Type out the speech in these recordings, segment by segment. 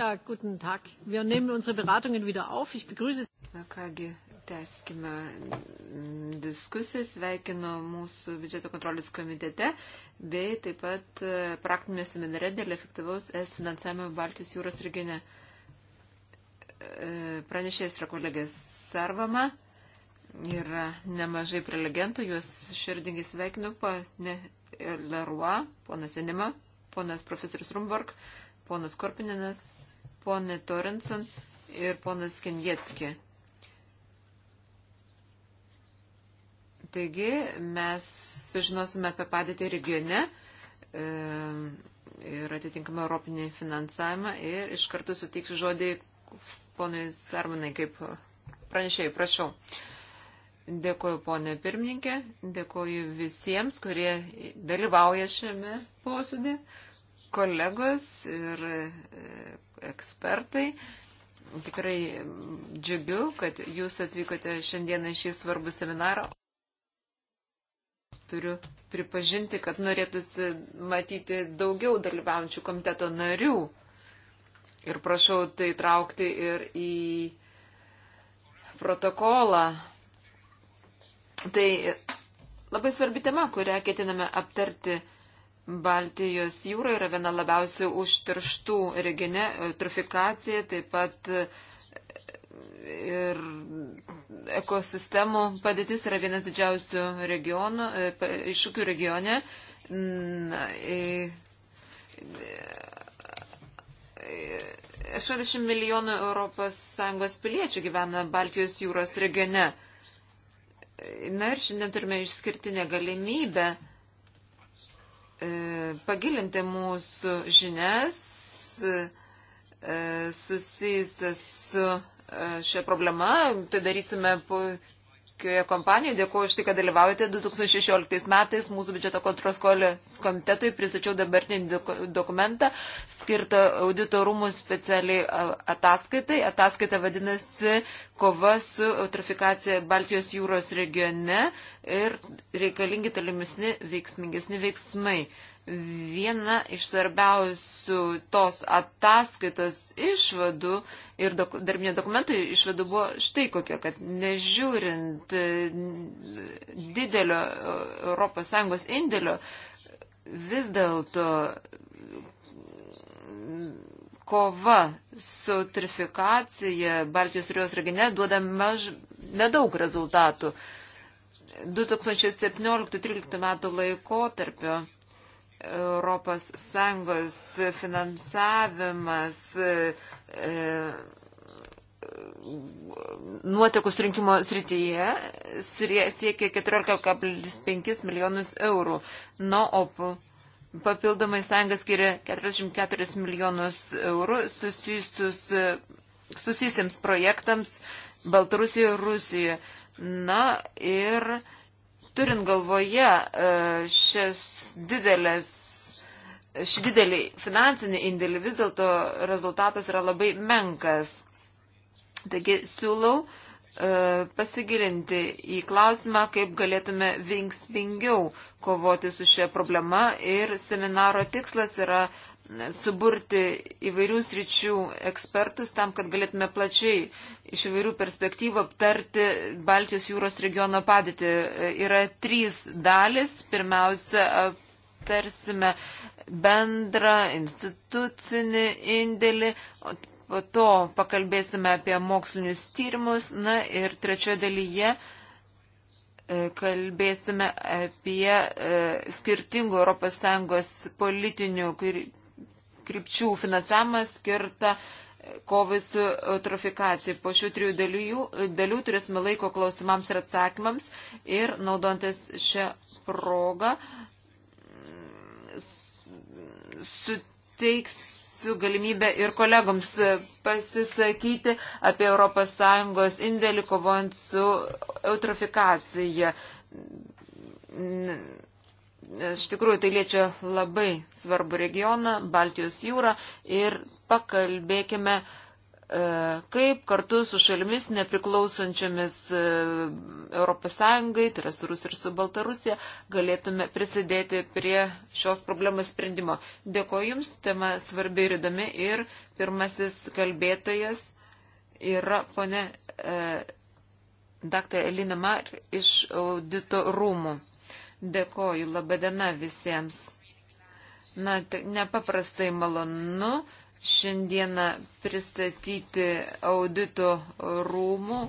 Ja, guten Tag. Wir nehmen unsere Beratungen wieder auf. Ich begrüße Na kągi, teskime diskusiją, sveikinu mūsų biudžeto kontrolės komitete, bei taip pat e, praktinėme seminare dėl efektyvaus es finansavimo Baltijos jūros regione. E, pranešėjas yra kolegės Sarvama, yra nemažai prelegentų, juos širdingai sveikinu, ponė Leroy, ponas Enima, ponas profesorius Rumborg, ponas Korpininas, ponė Torensen ir ponas Kenjetski. Taigi mes sužinosime apie padėtį regione e, ir atitinkamą europinį finansavimą ir iš karto suteiksiu žodį ponui Sarmanai kaip pranešėjai, prašau. Dėkuoju ponė pirmininkė, dėkuoju visiems, kurie dalyvauja šiame posėdė, kolegos ir e, ekspertai. Tikrai džiugiu, kad jūs atvykote šiandieną šį svarbų seminarą. Turiu pripažinti, kad norėtųsi matyti daugiau dalyvaujančių komiteto narių. Ir prašau tai traukti ir į protokolą. Tai labai svarbi tema, kurią ketiname aptarti Baltijos jūra yra viena labiausiai užterštų regione, e, trofikacija, taip pat e, ir ekosistemų padėtis yra vienas didžiausių regionų, e, iššūkių regione. Na, i, i, 60 milijonų ES piliečių gyvena Baltijos jūros regione. Na ir šiandien turime išskirtinę galimybę uh, E, pagilinti mūsų žinias e, susijusias su e, šia problema. Tai darysime puikioje kompanijoje. Dėkuoju už tai, kad dalyvaujate. 2016 metais mūsų biudžeto kontrolės komitetui pristačiau dabartinį dokumentą skirtą auditorumų specialiai ataskaitai. Ataskaita vadinasi kova su eutrofikacija Baltijos jūros regione ir reikalingi tolimesni veiksmingesni veiksmai. Viena iš svarbiausių tos ataskaitos išvadų ir dok, darbinio dokumento išvadų buvo štai kokia, kad nežiūrint e, didelio ES indėlio, vis dėlto kova su trifikacija Baltijos rijos regione duoda maž, nedaug rezultatų. 2017-2013 metų laikotarpio ES finansavimas e, e, nuotekų surinkimo srityje siekia 14,5 milijonus eurų. Nuo OPU papildomai sąjunga skiria 44 milijonus eurų susijusius, susijusiems projektams Baltarusijoje ir Rusijoje. Na ir e, Turint galvoje e, šias didelės, šį didelį finansinį indėlį, vis dėlto rezultatas yra labai menkas. Taigi siūlau e, pasigilinti į klausimą, kaip galėtume vinksmingiau kovoti su šia problema ir seminaro tikslas yra uh, suburti įvairių sričių ekspertus tam, kad galėtume plačiai iš įvairių perspektyvų aptarti Baltijos jūros regiono padėtį. Yra trys dalis. Pirmiausia, aptarsime bendrą institucinį indėlį, po to pakalbėsime apie mokslinius tyrimus. Na ir trečioje dalyje e, kalbėsime apie e, skirtingų ES politinių krypčių finansavimą skirtą kovai su eutrofikacija. Po šių trijų dalių, e, dalių turėsime laiko klausimams ir atsakymams ir naudantis šią progą mm, suteiksiu galimybę ir kolegoms e, pasisakyti apie ES indėlį kovojant su eutrofikacija Iš tikrųjų, tai liečia labai svarbu regioną, Baltijos jūrą ir pakalbėkime, e, kaip kartu su šalimis nepriklausančiamis ES, tai yra su Rusija ir su Baltarusija, galėtume prisidėti prie šios problemos sprendimo. Dėkoju Jums, tema svarbi ir įdomi ir pirmasis kalbėtojas yra ponė e, dr. Elina Mar iš audito rūmų. Dėkoju, labadiena visiems. Na, nepaprastai malonu šiandieną pristatyti audito rūmų,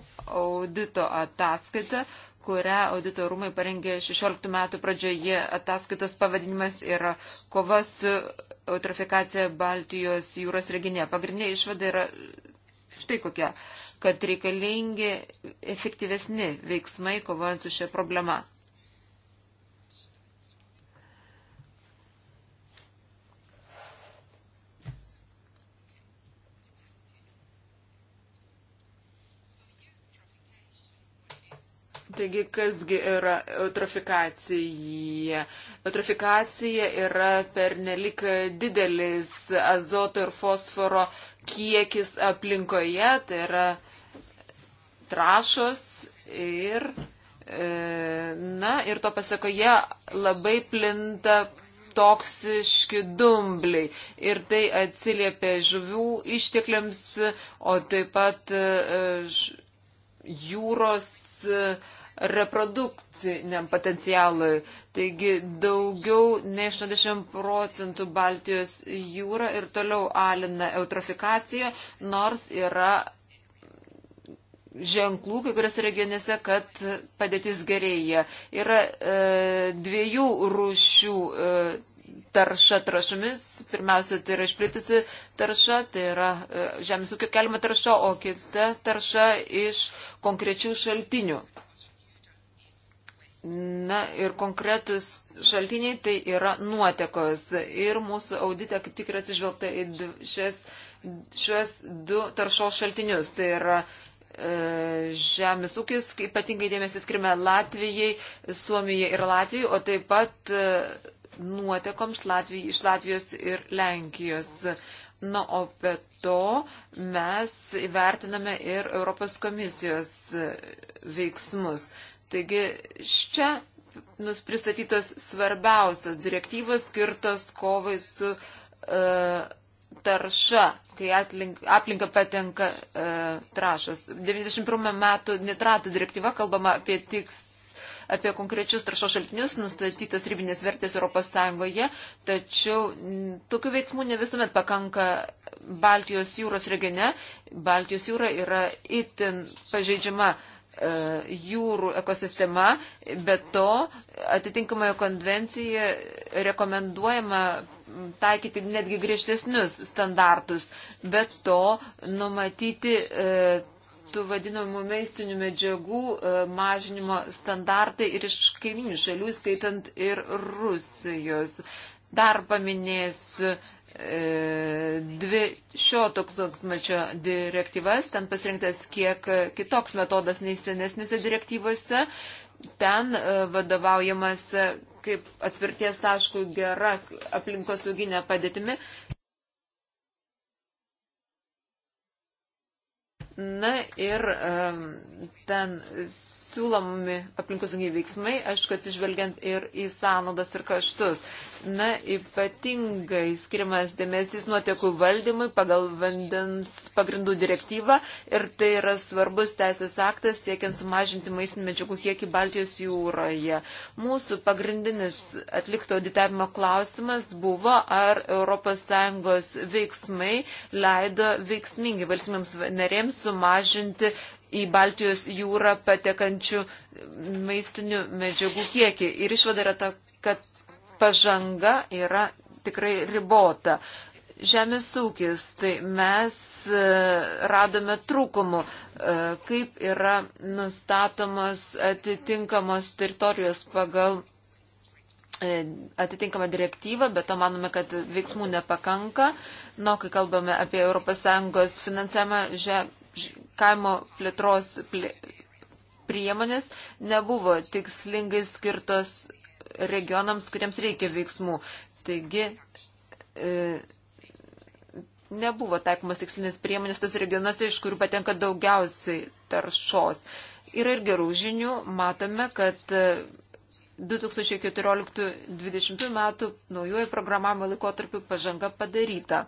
audito ataskaitą, kurią audito rūmai parengė 16 metų pradžioje. Ataskaitos pavadinimas yra kova su eutrofikacija Baltijos jūros regione. Pagrindinė išvada yra štai kokia, kad reikalingi efektyvesni veiksmai kovojant su šia problema. Taigi, kasgi yra eutrofikacija? Eutrofikacija yra pernelik didelis azoto ir fosforo kiekis aplinkoje, tai yra trašos ir, e, na, ir to pasakoje labai plinta toksiški dumbliai ir tai atsiliepia žuvių ištekliams, o taip pat e, jūros reprodukciniam potencialui. Taigi daugiau nei 80 procentų Baltijos jūra ir toliau alina eutrofikaciją, nors yra ženklų kai kuriuose regionėse, kad padėtis gerėja. Yra e, dviejų rūšių e, tarša trašomis. Pirmiausia, tai yra išplitusi tarša, tai yra e, žemės ūkio keliama tarša, o kita tarša iš konkrečių šaltinių. Na ir konkretus šaltiniai tai yra nuotekos. Ir mūsų audite kaip tik yra atsižvelgta į šias, šios du taršos šaltinius. Tai yra e, žemės ūkis, ypatingai dėmesį skirime Latvijai, Suomijai ir Latvijai, o taip pat e, nuotekoms Latvijai, iš Latvijos ir Lenkijos. Na, o be to mes įvertiname ir Europos komisijos e, veiksmus. Taigi čia nus pristatytos svarbiausios direktyvos skirtos kovai su e, tarša, kai atlink, aplinka patenka e, trašas. 91 metų nitratų direktyva kalbama apie tiks apie konkrečius taršos šaltinius nustatytas ribinės vertės ES, tačiau tokių veiksmų ne visuomet pakanka Baltijos jūros regione. Baltijos jūra yra itin pažeidžiama E, jūrų ekosistema, bet to atitinkamoje konvencijoje rekomenduojama taikyti netgi griežtesnius standartus, bet to numatyti e, tų vadinamų meistinių medžiagų e, mažinimo standartai ir iš kaiminių šalių, skaitant ir Rusijos. Dar paminėsiu dvi šio tūkstantmečio direktyvas, ten pasirinktas kiek kitoks metodas nei senesnėse direktyvose, ten e, vadovaujamas e, kaip atsvirties taškų gera aplinkosauginė padėtimi. Na ir e, ten siūlomi aplinkosauginiai veiksmai, aišku, atsižvelgiant ir į sąnaudas ir kaštus. Na, ypatingai skiriamas dėmesys nuotekų valdymui pagal vandens pagrindų direktyvą ir tai yra svarbus teisės aktas siekiant sumažinti maistinių medžiagų kiekį Baltijos jūroje. Mūsų pagrindinis atlikto auditavimo klausimas buvo, ar ES veiksmai leido veiksmingai valstybėms narėms sumažinti į Baltijos jūrą patekančių maistinių medžiagų kiekį. Ir išvada yra ta, kad pažanga yra tikrai ribota. Žemės ūkis, tai mes e, radome trūkumų, e, kaip yra nustatomos atitinkamos teritorijos pagal e, atitinkamą direktyvą, bet to manome, kad veiksmų nepakanka. Nu, kai kalbame apie ES finansavimą žemės kaimo plėtros plė, priemonės nebuvo tikslingai skirtos regionams, kuriems reikia veiksmų. Taigi e, nebuvo taikomas tikslinės priemonės tos regionuose, iš kurių patenka daugiausiai taršos. Yra ir gerų žinių, matome, kad 2014-2020 e, metų naujojo programavimo laikotarpiu pažanga padaryta. E,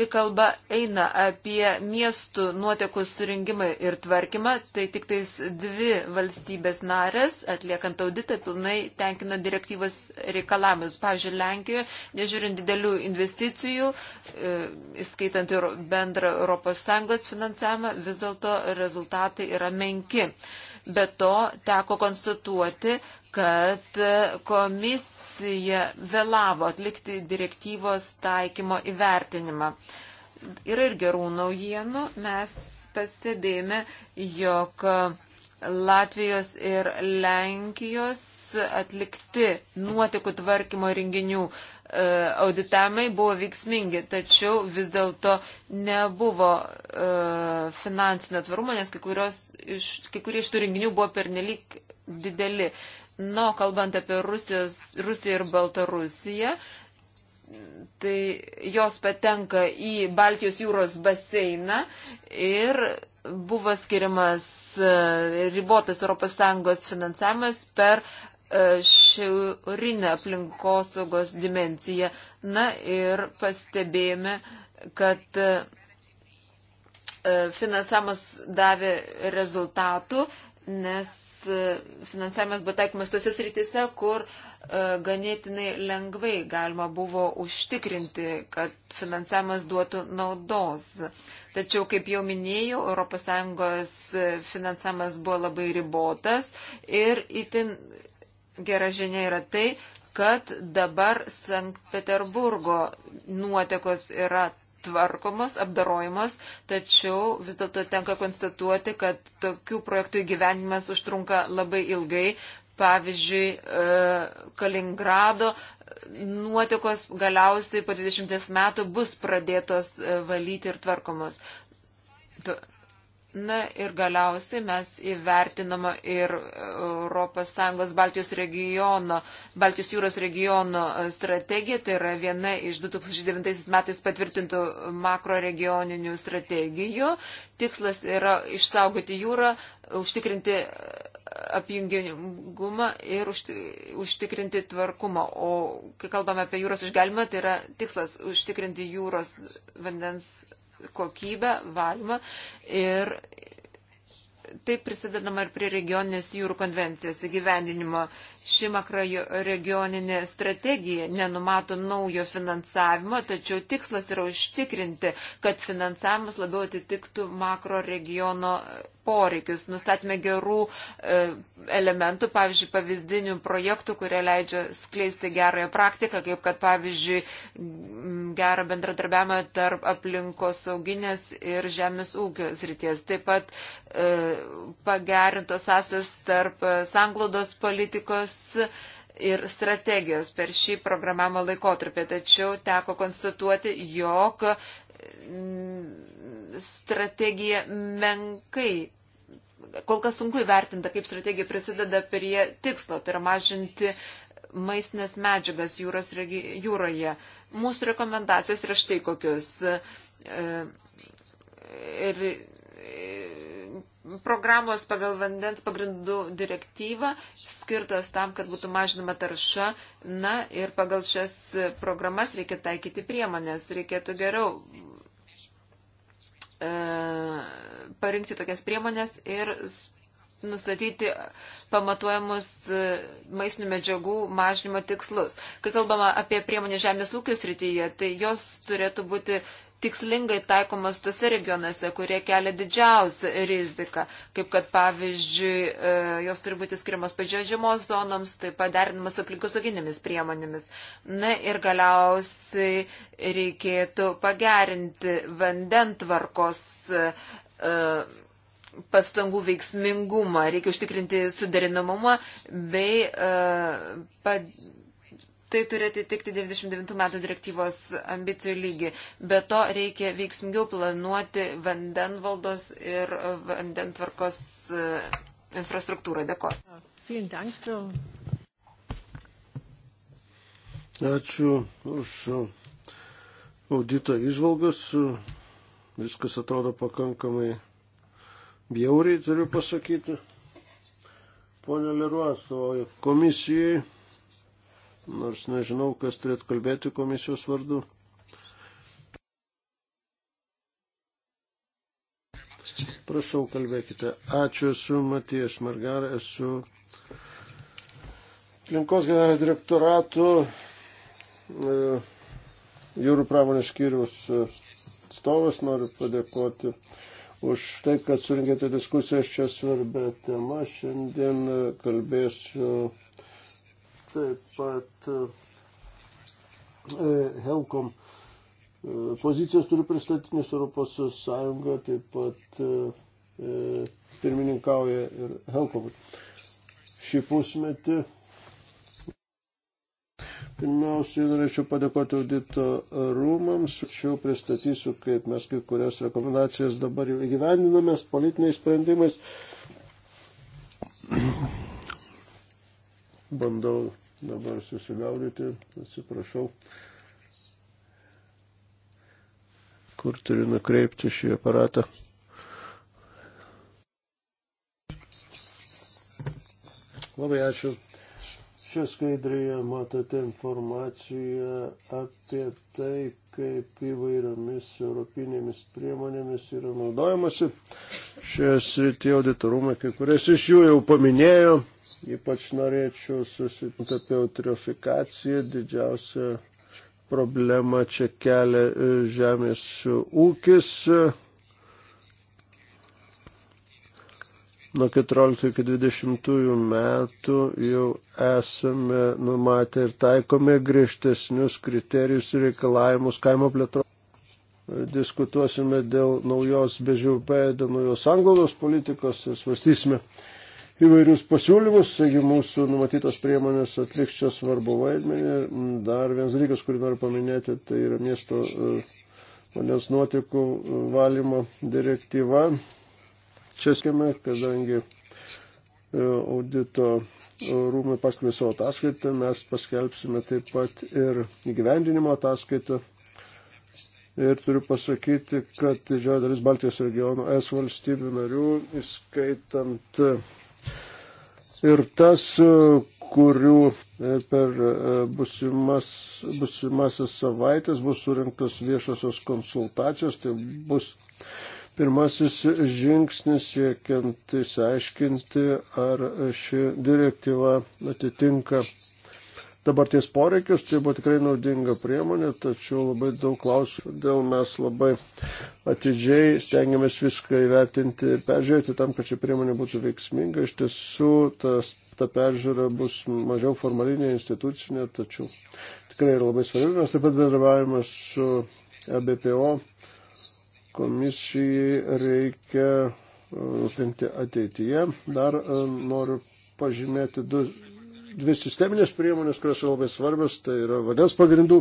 Kai kalba eina apie miestų nuotekų surinkimą ir tvarkymą, tai tik tais dvi valstybės narės, atliekant auditą, pilnai tenkino direktyvos reikalavimus. Pavyzdžiui, Lenkijoje, nežiūrint didelių investicijų, e, įskaitant ir bendrą ES finansavimą, vis dėlto rezultatai yra menki. Be to teko konstatuoti, kad komis, komisija vėlavo atlikti direktyvos taikymo įvertinimą. Yra ir gerų naujienų. Mes pastebėjome, jog Latvijos ir Lenkijos atlikti nuotekų tvarkymo renginių e, auditamai buvo veiksmingi, tačiau vis dėlto nebuvo e, finansinio tvarumo, nes kai, kurios, iš, kai kurie iš tų renginių buvo pernelyg dideli. Na, kalbant apie Rusijos, Rusiją ir Baltarusiją, tai jos patenka į Baltijos jūros baseiną ir buvo skiriamas e, ribotas ES finansavimas per e, šiaurinę aplinkosaugos dimenciją. Na ir pastebėjome, kad e, finansavimas davė rezultatų, nes E, finansavimas buvo taikomas tose srityse, kur e, ganėtinai lengvai galima buvo užtikrinti, kad finansavimas duotų naudos. Tačiau, kaip jau minėjau, ES finansavimas buvo labai ribotas ir itin gera žinia yra tai, kad dabar Sankt Peterburgo nuotekos yra tvarkomos, apdarojamos, tačiau vis dėlto tenka konstatuoti, kad tokių projektų įgyvenimas užtrunka labai ilgai. Pavyzdžiui, e, Kaliningrado nuotekos galiausiai po 20 metų bus pradėtos e, valyti ir tvarkomos. Na ir galiausiai mes įvertinama ir ES Baltijos regiono, Baltijos jūros regiono strategija, tai yra viena iš 2009 metais patvirtintų makro regioninių strategijų. Tikslas yra išsaugoti jūrą, užtikrinti apjungimą ir užtikrinti tvarkumą. O kai kalbame apie jūros išgalimą, tai yra tikslas užtikrinti jūros vandens kokybę, valymą ir taip prisidedama ir prie regioninės jūrų konvencijos įgyvendinimo. Ši makroregioninė strategija nenumato naujo finansavimo, tačiau tikslas yra užtikrinti, kad finansavimas labiau atitiktų makroregiono e, poreikius. Nustatėme gerų e, elementų, pavyzdžiui, pavyzdinių projektų, kurie leidžia skleisti gerąją praktiką, kaip kad, pavyzdžiui, gerą bendradarbiavimą tarp aplinkos sauginės ir žemės ūkio srities. Taip pat e, pagerintos sąsios tarp e, sanglodos politikos ir strategijos per šį programavimo laikotarpį, tačiau teko konstatuoti, jog mm, strategija menkai. Kol kas sunku įvertinta, kaip strategija prisideda prie tikslo, tai yra mažinti maistinės medžiagas jūros, regi, jūroje. Mūsų rekomendacijos yra štai kokius. E, ir programos pagal vandens pagrindų direktyvą skirtos tam, kad būtų mažinama tarša. Na ir pagal šias programas reikia taikyti priemonės. Reikėtų geriau e, parinkti tokias priemonės ir nustatyti pamatuojamus e, maistinių medžiagų mažinimo tikslus. Kai kalbama apie priemonę žemės ūkio srityje, tai jos turėtų būti tikslingai taikomas tose regionuose, kurie kelia didžiausią riziką, kaip kad pavyzdžiui, e, jos turi būti skiriamas pažeidžiamos zonoms, taip pat derinamas aplinkosauginėmis priemonėmis. Na ir galiausiai reikėtų pagerinti vandentvarkos e, e, pastangų veiksmingumą, reikia užtikrinti suderinamumą bei uh, tai turi atitikti 99 metų direktyvos ambicijų lygį. Be to reikia veiksmingiau planuoti vandenvaldos ir vandentvarkos e, infrastruktūrą. Dėkuoju. Ačiū už audito išvalgas. Viskas atrodo pakankamai bjauriai, turiu pasakyti. Pone Liruo atstovauja komisijai nors nežinau, kas turėtų kalbėti komisijos vardu. Prašau, kalbėkite. Ačiū, esu Matijas Margar, esu aplinkos generalinio direktorato e, jūrų pramonės skyrius e, atstovas. Noriu padėkoti už tai, kad surinkėte diskusijas čia svarbę temą. Šiandien e, kalbėsiu taip pat e, Helkom e, pozicijas turi pristatyti, nes Europos Sąjunga taip pat e, pirmininkauja ir Helkomui. Šį pusmetį Pirmiausiai norėčiau padėkoti audito rūmams, tačiau pristatysiu, kaip mes kai kurias rekomendacijas dabar jau įgyvendiname politiniais sprendimais. Bandau dabar susigaudyti, atsiprašau, kur turiu nukreipti šį aparatą. Labai ačiū. Čia skaidrėje matote informaciją apie tai, kaip įvairiomis europinėmis priemonėmis yra naudojamasi. Šioje srityje auditorumai, kai kurias iš jų jau paminėjo. Ypač norėčiau susitikti apie eutrofikaciją. Didžiausia problema čia kelia e, žemės ūkis. Nuo 14 iki 20 metų jau esame numatę ir taikome griežtesnius kriterijus ir reikalavimus kaimo plėtros. Diskutuosime dėl naujos BŽP, dėl naujos anglos politikos ir svarstysime įvairius pasiūlymus, taigi mūsų numatytos priemonės atliks čia svarbu vaidmenį. Dar vienas dalykas, kurį noriu paminėti, tai yra miesto e, vandens nuotekų valymo direktyva. Čia skime, kadangi e, audito rūmai paskelbė savo ataskaitą, mes paskelbsime taip pat ir įgyvendinimo ataskaitą. Ir turiu pasakyti, kad didžioji dalis Baltijos regionų S valstybių narių, įskaitant ir tas, kurių e, per e, busimas, busimasis savaitės bus surinktos viešosios konsultacijos, tai bus pirmasis žingsnis siekiant įsiaiškinti, ar ši direktyva atitinka dabarties poreikius, tai buvo tikrai naudinga priemonė, tačiau labai daug klausimų, dėl mes labai atidžiai stengiamės viską įvertinti, peržiūrėti tam, kad ši priemonė būtų veiksminga. Iš tiesų, tas, ta peržiūra bus mažiau formalinė, institucinė, tačiau tikrai yra labai svarbi. Mes taip pat bendravavome su EBPO komisijai reikia uh, rūpinti ateityje. Dar uh, noriu pažymėti du dvi sisteminės priemonės, kurios yra labai svarbios, tai yra vandens pagrindų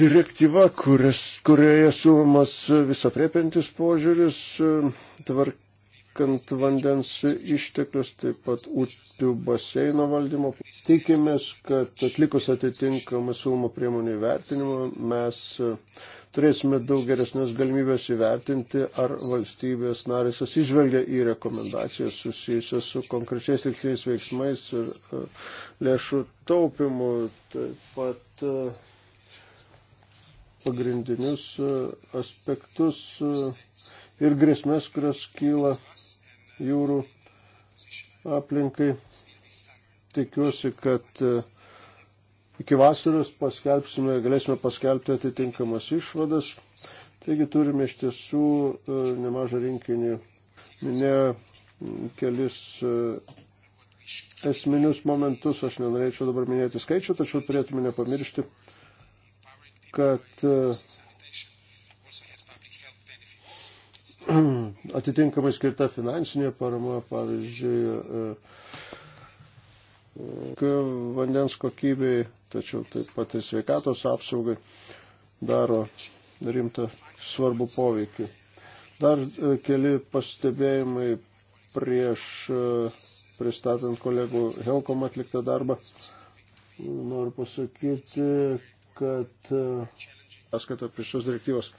direktyva, kuris, kurioje siūlomas visapriepintis požiūris, tvarkant vandens išteklius, taip pat upių baseino valdymo. Tikimės, kad atlikus atitinkamą siūlomą priemonių įvertinimą mes turėsime daug geresnės galimybės įvertinti, ar valstybės narės atsižvelgia į rekomendacijas susijusias su konkrečiais tiksliniais veiksmais ir e, lėšų taupimu. Taip pat e, pagrindinius e, aspektus ir grėsmės, kurios kyla jūrų aplinkai. Tikiuosi, kad uh, iki vasaros paskelbsime, galėsime paskelbti atitinkamas išvadas. Taigi turime iš tiesų e, nemažą rinkinį. Minėjo kelis e, esminius momentus, aš nenorėčiau dabar minėti skaičių, tačiau turėtume nepamiršti, kad e, atitinkamai skirta finansinė parama, pavyzdžiui, vandens kokybei tačiau taip pat ir sveikatos apsaugai daro rimtą svarbų poveikį. Dar e, keli pastebėjimai prieš e, pristatant kolegų Helkom atliktą darbą. Noriu pasakyti, kad e, paskata prieš šios direktyvos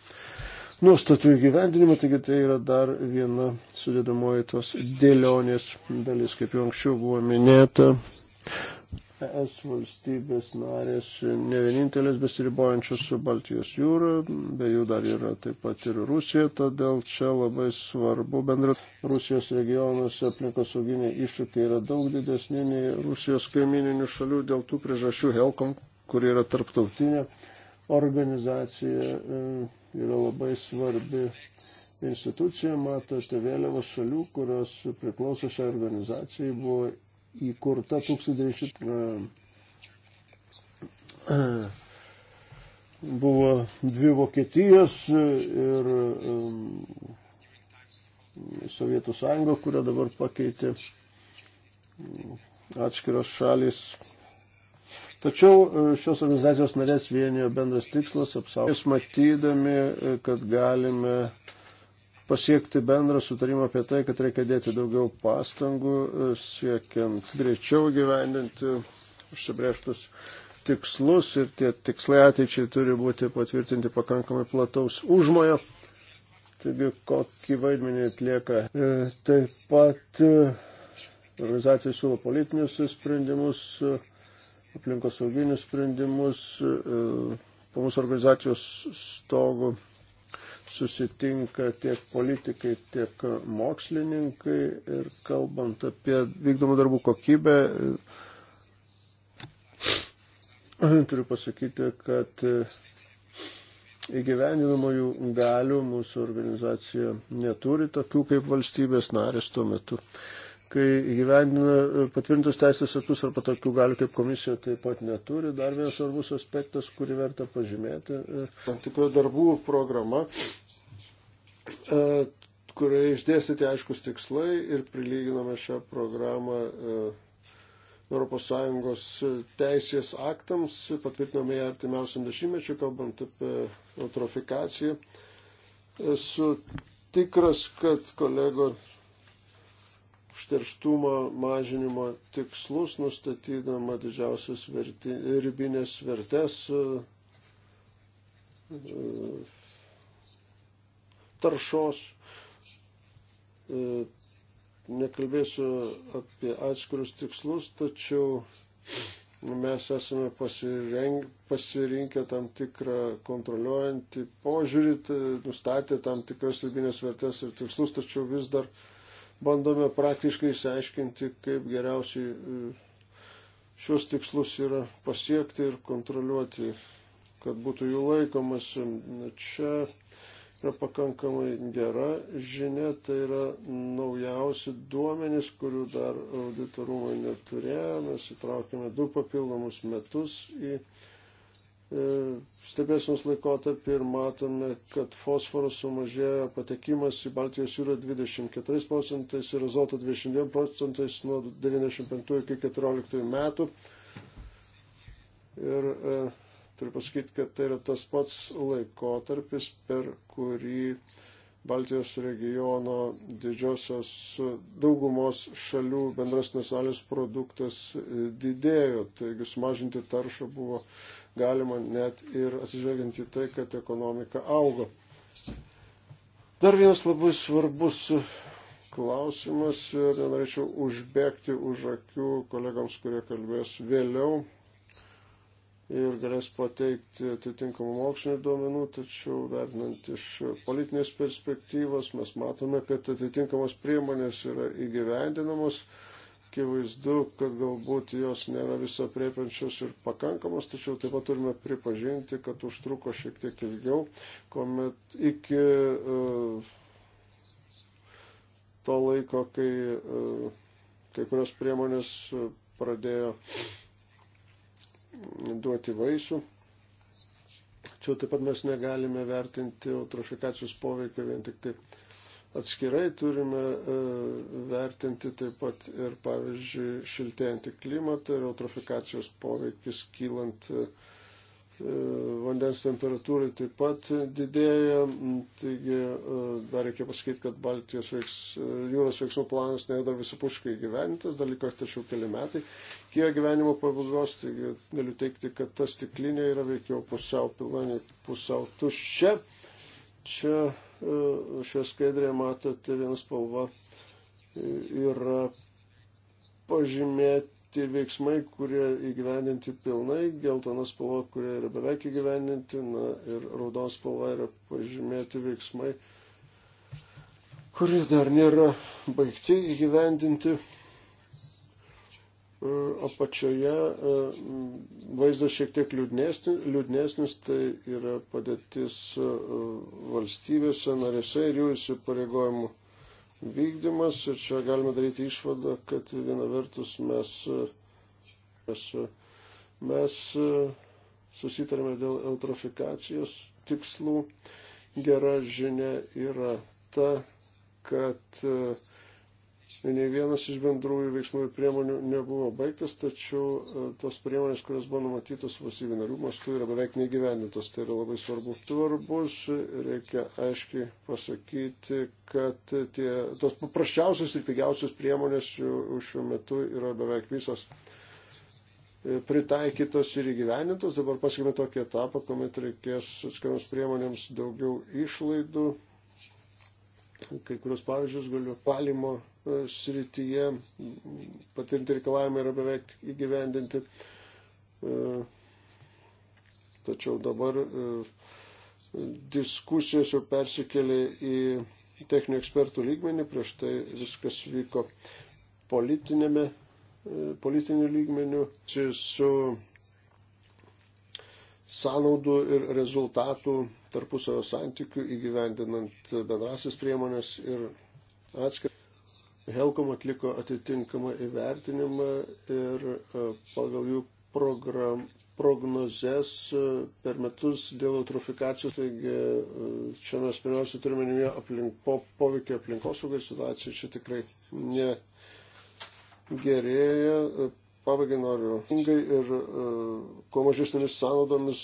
nuostatų įgyvendinimą, taigi tai yra dar viena sudėdamoji tos dėlionės dalis, kaip jau anksčiau buvo minėta. ES valstybės narės, ne vienintelės besiribojančios su Baltijos jūra, be jų dar yra taip pat ir Rusija, todėl čia labai svarbu bendras Rusijos regionuose aplinkosauginiai iššūkiai yra daug didesni nei Rusijos kaimininių šalių, dėl tų priežasčių Helkom, kur yra tarptautinė organizacija, e, yra labai svarbi institucija, matote vėliavos šalių, kurios priklauso šią organizaciją, buvo įkurta 1900 e, buvo dvi Vokietijos ir e, Sovietų sąjunga, kurią dabar pakeitė e, atskiros šalis. Tačiau šios organizacijos narės vienijo bendras tikslas apsaugoti, matydami, kad galime pasiekti bendrą sutarimą apie tai, kad reikia dėti daugiau pastangų, e, siekiant greičiau gyvendinti užsibrieštus tikslus ir tie tikslai ateičiai turi būti patvirtinti pakankamai plataus užmojo. Taigi, kokį vaidmenį atlieka. E, taip pat e, organizacija siūlo politinius sprendimus, aplinkosauginius sprendimus, po mūsų organizacijos stogų susitinka tiek politikai, tiek mokslininkai ir kalbant apie vykdomų darbų kokybę, turiu pasakyti, kad įgyvendinamųjų galių mūsų organizacija neturi tokių kaip valstybės narės tuo metu kai gyvendina e, patvirtintus teisės aktus arba tokių galių kaip komisija taip pat neturi. Dar vienas svarbus aspektas, kurį verta pažymėti. E, Tam tikra darbų programa, e, kurioje išdėstyti aiškus tikslai ir prilyginame šią programą ES teisės aktams, patvirtinome ją artimiausiam dešimtmečiu, kalbant apie eutrofikaciją. Esu tikras, kad kolegos užterštumo mažinimo tikslus, nustatydama didžiausias verti, ribinės vertės e, taršos. E, nekalbėsiu apie atskirus tikslus, tačiau mes esame pasireng, pasirinkę tam tikrą kontroliuojantį požiūrį, tai nustatę tam tikras ribinės vertės ir tikslus, tačiau vis dar uh, bandome praktiškai išsiaiškinti, kaip geriausiai e, šios tikslus yra pasiekti ir kontroliuoti, kad būtų jų laikomas. Čia yra pakankamai gera žinia, tai yra naujausi duomenys, kurių dar auditorumai neturėjo. Mes įtraukėme du papildomus metus į E, stebėsimus laikotarpį ir matome, kad fosforas sumažėjo patekimas į Baltijos jūrą 24 procentais ir azoto 22 procentais nuo 95 iki 14 metų. Ir e, turiu pasakyti, kad tai yra tas pats laikotarpis, per kurį e, Baltijos regiono didžiosios daugumos šalių bendras nacionalinis produktas e, didėjo, taigi sumažinti taršą buvo galima net ir atsižvelgiant į tai, kad ekonomika augo. Dar vienas labai svarbus klausimas ir norėčiau užbėgti už akių kolegams, kurie kalbės vėliau ir galės pateikti atitinkamų mokslinių duomenų, tačiau vertinant iš politinės perspektyvos mes matome, kad atitinkamos priemonės yra įgyvendinamos. Akivaizdu, kad galbūt jos nėra viso priepiančios ir pakankamos, tačiau taip pat turime pripažinti, kad užtruko šiek tiek ilgiau, kuomet iki uh, to laiko, kai uh, kai kurios priemonės e, pradėjo uh, duoti vaisių. Čia taip pat mes negalime vertinti eutrofikacijos poveikio vien tik tai atskirai, turime e, vertinti taip pat ir, pavyzdžiui, šiltėjantį klimatą ir eutrofikacijos poveikis kylant uh, E, vandens temperatūrai taip pat didėja. Taigi e, dar reikia pasakyti, kad Baltijos veiks, e, jūros veiksmų planas nėra dar visapuškai gyvenintas, dar liko tačiau keli metai. Kiek gyvenimo pabaigos, taigi galiu teikti, kad ta stiklinė yra veikiau pusiau pilna, nei pusiau tuščia. Čia šioje skaidrėje matote vienas spalva yra pažymėti tie veiksmai, kurie įgyveninti pilnai, geltona spalva, kurie yra beveik įgyveninti, na ir raudona spalva yra pažymėti veiksmai, kurie dar nėra baigti įgyvendinti. E, apačioje e, vaizdas šiek tiek liūdnesnis, liūdnesnis tai yra padėtis e, valstybėse, narėse ir jų įsipareigojimų vykdymas. Ir čia galime daryti išvadą, kad viena vertus mes, mes, mes susitarėme dėl eutrofikacijos tikslų. Gera žinia yra ta, kad uh, nei vienas iš bendrųjų veiksmų ir priemonių nebuvo baigtas, tačiau e, tos priemonės, kurios buvo numatytos valstybių narių mastu, yra beveik negyvendintos. Tai yra labai svarbu. Svarbus, reikia aiškiai pasakyti, kad tie, tos paprasčiausios ir pigiausios priemonės šiuo metu yra beveik visos e, pritaikytos ir įgyvenintos. Dabar pasiekime tokį etapą, kuomet reikės atskiriams priemonėms daugiau išlaidų. Kai kurios pavyzdžius galiu palimo srityje patirti reikalavimai yra beveik įgyvendinti. E, tačiau dabar e, diskusijos jau persikėlė į techninių ekspertų lygmenį, prieš tai viskas vyko politinėme, e, politiniu lygmeniu, su sąnaudų ir rezultatų tarpusavio santykių įgyvendinant bendrasis priemonės ir atskirą. Helkom atliko atitinkamą įvertinimą ir e, pagal jų program, prognozes e, per metus dėl eutrofikacijos, taigi e, čia mes pirmiausia turime minėję aplink, po, poveikį aplinkosaugai, situacija čia tikrai negerėja. Pabaigai noriu ingai ir kuo mažesnėmis sąnaudomis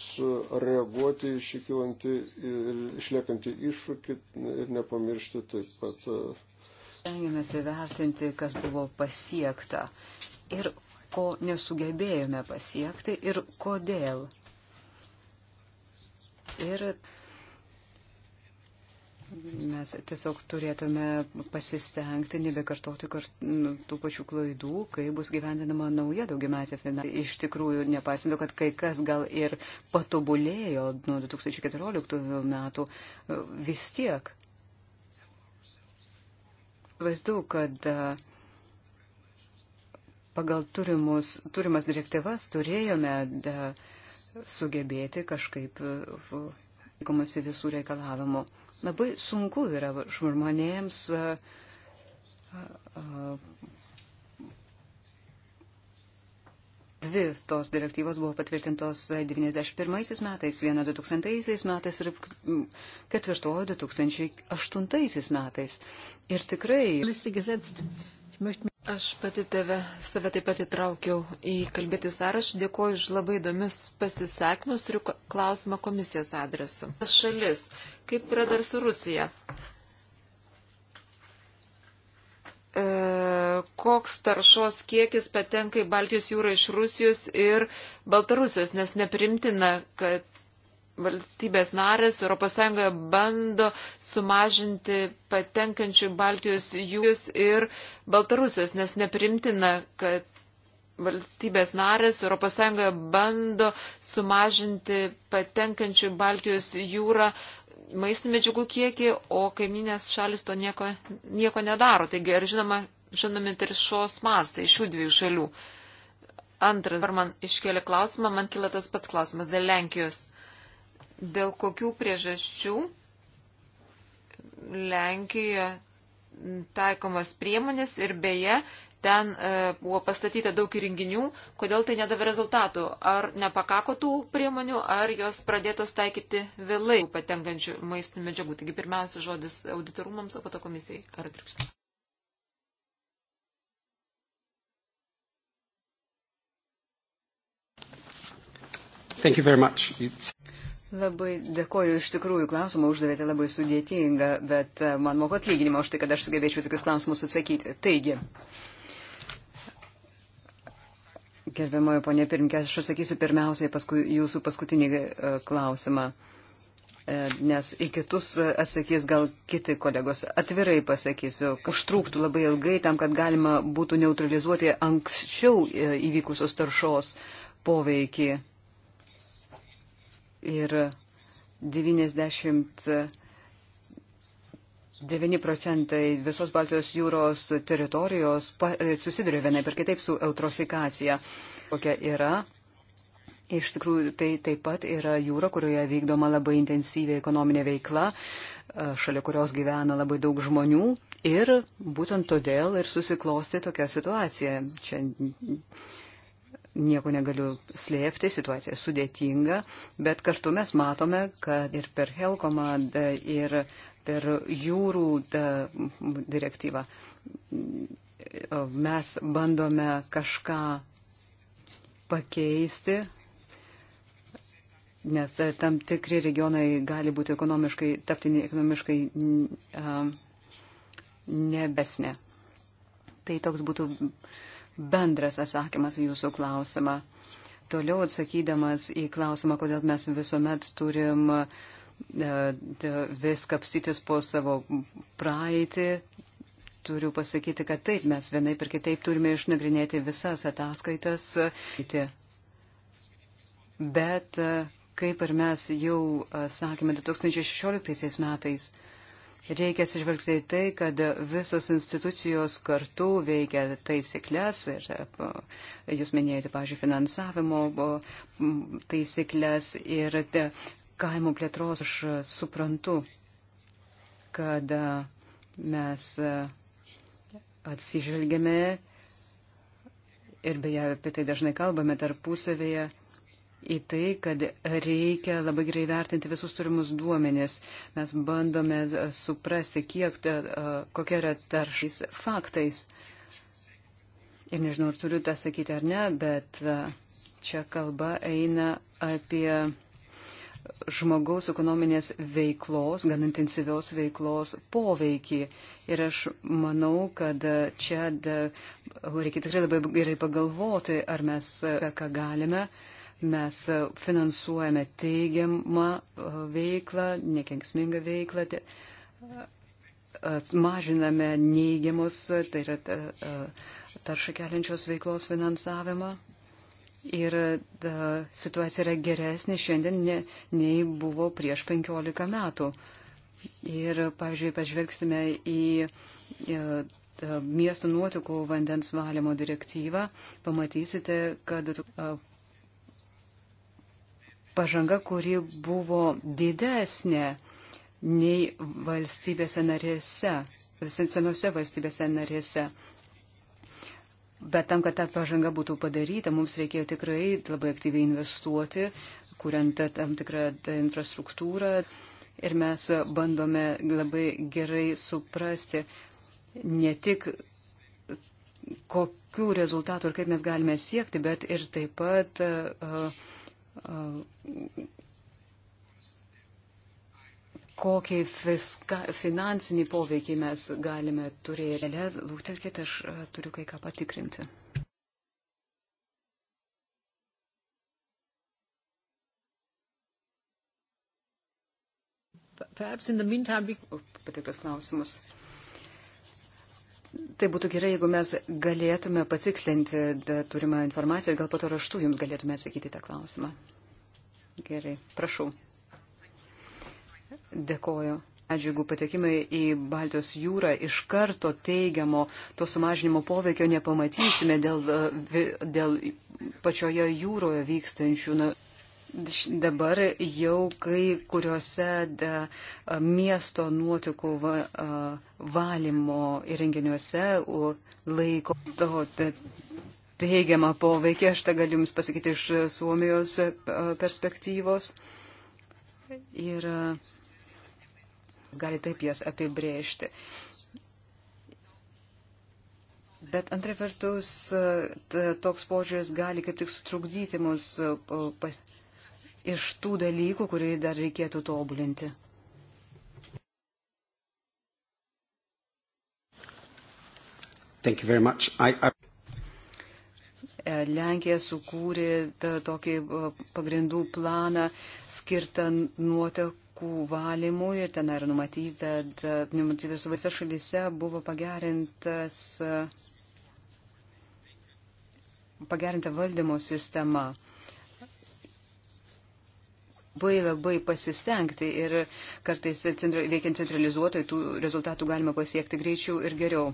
reaguoti į šį kilantį ir išliekantį iššūkį ir nepamiršti taip pat Stengiamės įvertinti, kas buvo pasiekta ir ko nesugebėjome pasiekti ir kodėl. Ir mes tiesiog turėtume pasistengti, nebekartoti nu, tų pačių klaidų, kai bus gyvendinama nauja daugiametė finansinė. Iš tikrųjų, nepaisant to, kad kai kas gal ir patobulėjo nuo 2014 metų, vis tiek akivaizdu, kad e, pagal turimus, turimas direktyvas turėjome e, sugebėti kažkaip e, laikomasi visų reikalavimų. Labai sunku yra žmonėms Dvi tos direktyvos buvo patvirtintos 91 metais, viena 2000 metais ir ketvirtoji 2008 metais. Ir tikrai. Aš pati tave, save taip pat įtraukiau į kalbėti sąrašą. Dėkuoju už labai įdomius pasisakymus. Turiu klausimą komisijos adresu. Šalis. Kaip yra dar su Rusija? E, koks taršos kiekis patenka į Baltijos jūrą iš Rusijos ir Baltarusijos, nes neprimtina, kad valstybės narės ES bando sumažinti patenkančių Baltijos jūros ir Baltarusijos, nes neprimtina, kad valstybės narės ES bando sumažinti patenkančių Baltijos jūrą maistinių medžiagų kiekį, o kaiminės šalis to nieko, nieko nedaro. Taigi, ar žinoma, žinomi taršos mastai iš šių dviejų šalių? Antras, ar man iškėlė klausimą, man kila tas pats klausimas dėl Lenkijos. Dėl kokių priežasčių Lenkijoje taikomas priemonės ir beje, ten e, buvo pastatyta daug įrenginių, kodėl tai nedavė rezultatų. Ar nepakako tų priemonių, ar jos pradėtos taikyti vėlai patenkančių maistinių medžiagų. Taigi pirmiausia žodis auditorumams, o po to komisijai. Ar atvirkščiai? Labai dėkoju iš tikrųjų klausimą, uždavėte labai sudėtingą, bet e, man moku atlyginimą už tai, kad aš sugebėčiau tokius klausimus atsakyti. Taigi, uh, Gerbiamojo ponė pirmkė, aš atsakysiu pirmiausiai pasku, jūsų paskutinį e, klausimą, e, nes į kitus e, atsakys gal kiti kolegos. Atvirai pasakysiu, užtruktų labai ilgai tam, kad galima būtų neutralizuoti anksčiau įvykusios taršos poveikį. Ir 90 9 procentai visos Baltijos jūros teritorijos e, susiduria vienai per kitaip su eutrofikacija. Kokia yra? Iš tikrųjų, tai taip pat yra jūra, kurioje vykdoma labai intensyviai ekonominė veikla, e, šalia kurios gyvena labai daug žmonių. Ir būtent todėl ir susiklosti tokia situacija. Čia nieko negaliu slėpti, situacija sudėtinga, bet kartu mes matome, kad ir per Helkomą, ir per jūrų direktyvą. Mes bandome kažką pakeisti, nes e, tam tikri regionai gali būti ekonomiškai, tapti ekonomiškai nebesne. Tai toks būtų bendras atsakymas jūsų klausimą. Toliau atsakydamas į klausimą, kodėl mes visuomet turim uh, E, vis kapstytis po savo praeitį. Turiu pasakyti, kad taip, mes vienaip ir kitaip turime išnagrinėti visas ataskaitas. Bet, e, kaip ir mes jau e, sakėme 2016 metais, Reikia atsižvelgti į tai, kad visos institucijos kartu veikia taisyklės ir jūs minėjote, pažiūrėjau, finansavimo taisyklės ir kaimo plėtros aš e, suprantu, kad e, mes e, atsižvelgiame ir beje apie tai dažnai kalbame tarpusavėje į tai, kad reikia labai gerai vertinti visus turimus duomenis. Mes bandome suprasti, kiek, ta, kokia yra taršais faktais. Ir nežinau, ar turiu tą sakyti ar ne, bet čia kalba eina apie žmogaus ekonominės veiklos, gan intensyvios veiklos poveikį. Ir aš manau, kad čia reikia tikrai labai gerai pagalvoti, ar mes ką galime. Mes finansuojame teigiamą veiklą, nekenksmingą veiklą, mažiname neigiamus, tai yra taršą keliančios veiklos finansavimą. Ir da, situacija yra geresnė šiandien ne, nei buvo prieš 15 metų. Ir, pavyzdžiui, pažvelgsime į e, da, miestų nuotikų vandens valymo direktyvą, pamatysite, kad a, e, pažanga, kuri buvo didesnė nei valstybėse narėse, senose valstybėse narėse. Bet tam, kad ta pažanga būtų padaryta, mums reikėjo tikrai labai aktyviai investuoti, kuriant tam tikrą infrastruktūrą. Ir mes bandome labai gerai suprasti ne tik kokių rezultatų ir kaip mes galime siekti, bet ir taip pat uh, uh, kokį fiska, finansinį poveikį mes galime turėti. Lūktelkit, aš e, turiu kai ką patikrinti. Patiktos klausimus. Tai būtų gerai, jeigu mes galėtume patikslinti turimą informaciją ir gal po to raštu jums galėtume atsakyti tą klausimą. Gerai, prašau. Dėkoju. Ačiū, jeigu patekimai į Baltijos jūrą iš karto teigiamo to sumažinimo poveikio nepamatysime dėl, e, dėl pačioje jūroje vykstančių. Na, dabar jau kai kuriuose da, e, miesto nuotikų va, e, valymo įrenginiuose laiko to teigiamą poveikį, aš tą galiu Jums pasakyti iš Suomijos perspektyvos. Ir, uh, gali taip jas apibrėžti. Bet antra vertus, toks požiūris gali kaip tik sutrukdyti mus e, pas, iš tų dalykų, kurį dar reikėtų tobulinti. I, I... E, Lenkija sukūrė tą, tokį e, pagrindų planą skirtą nuotekų atliekų valymui ir ten yra numatyta, numatytas visose šalyse buvo pagerintas, pagerinta valdymo sistema. Labai labai pasistengti ir kartais centra, veikiant centralizuotai tų rezultatų galima pasiekti greičiau ir geriau.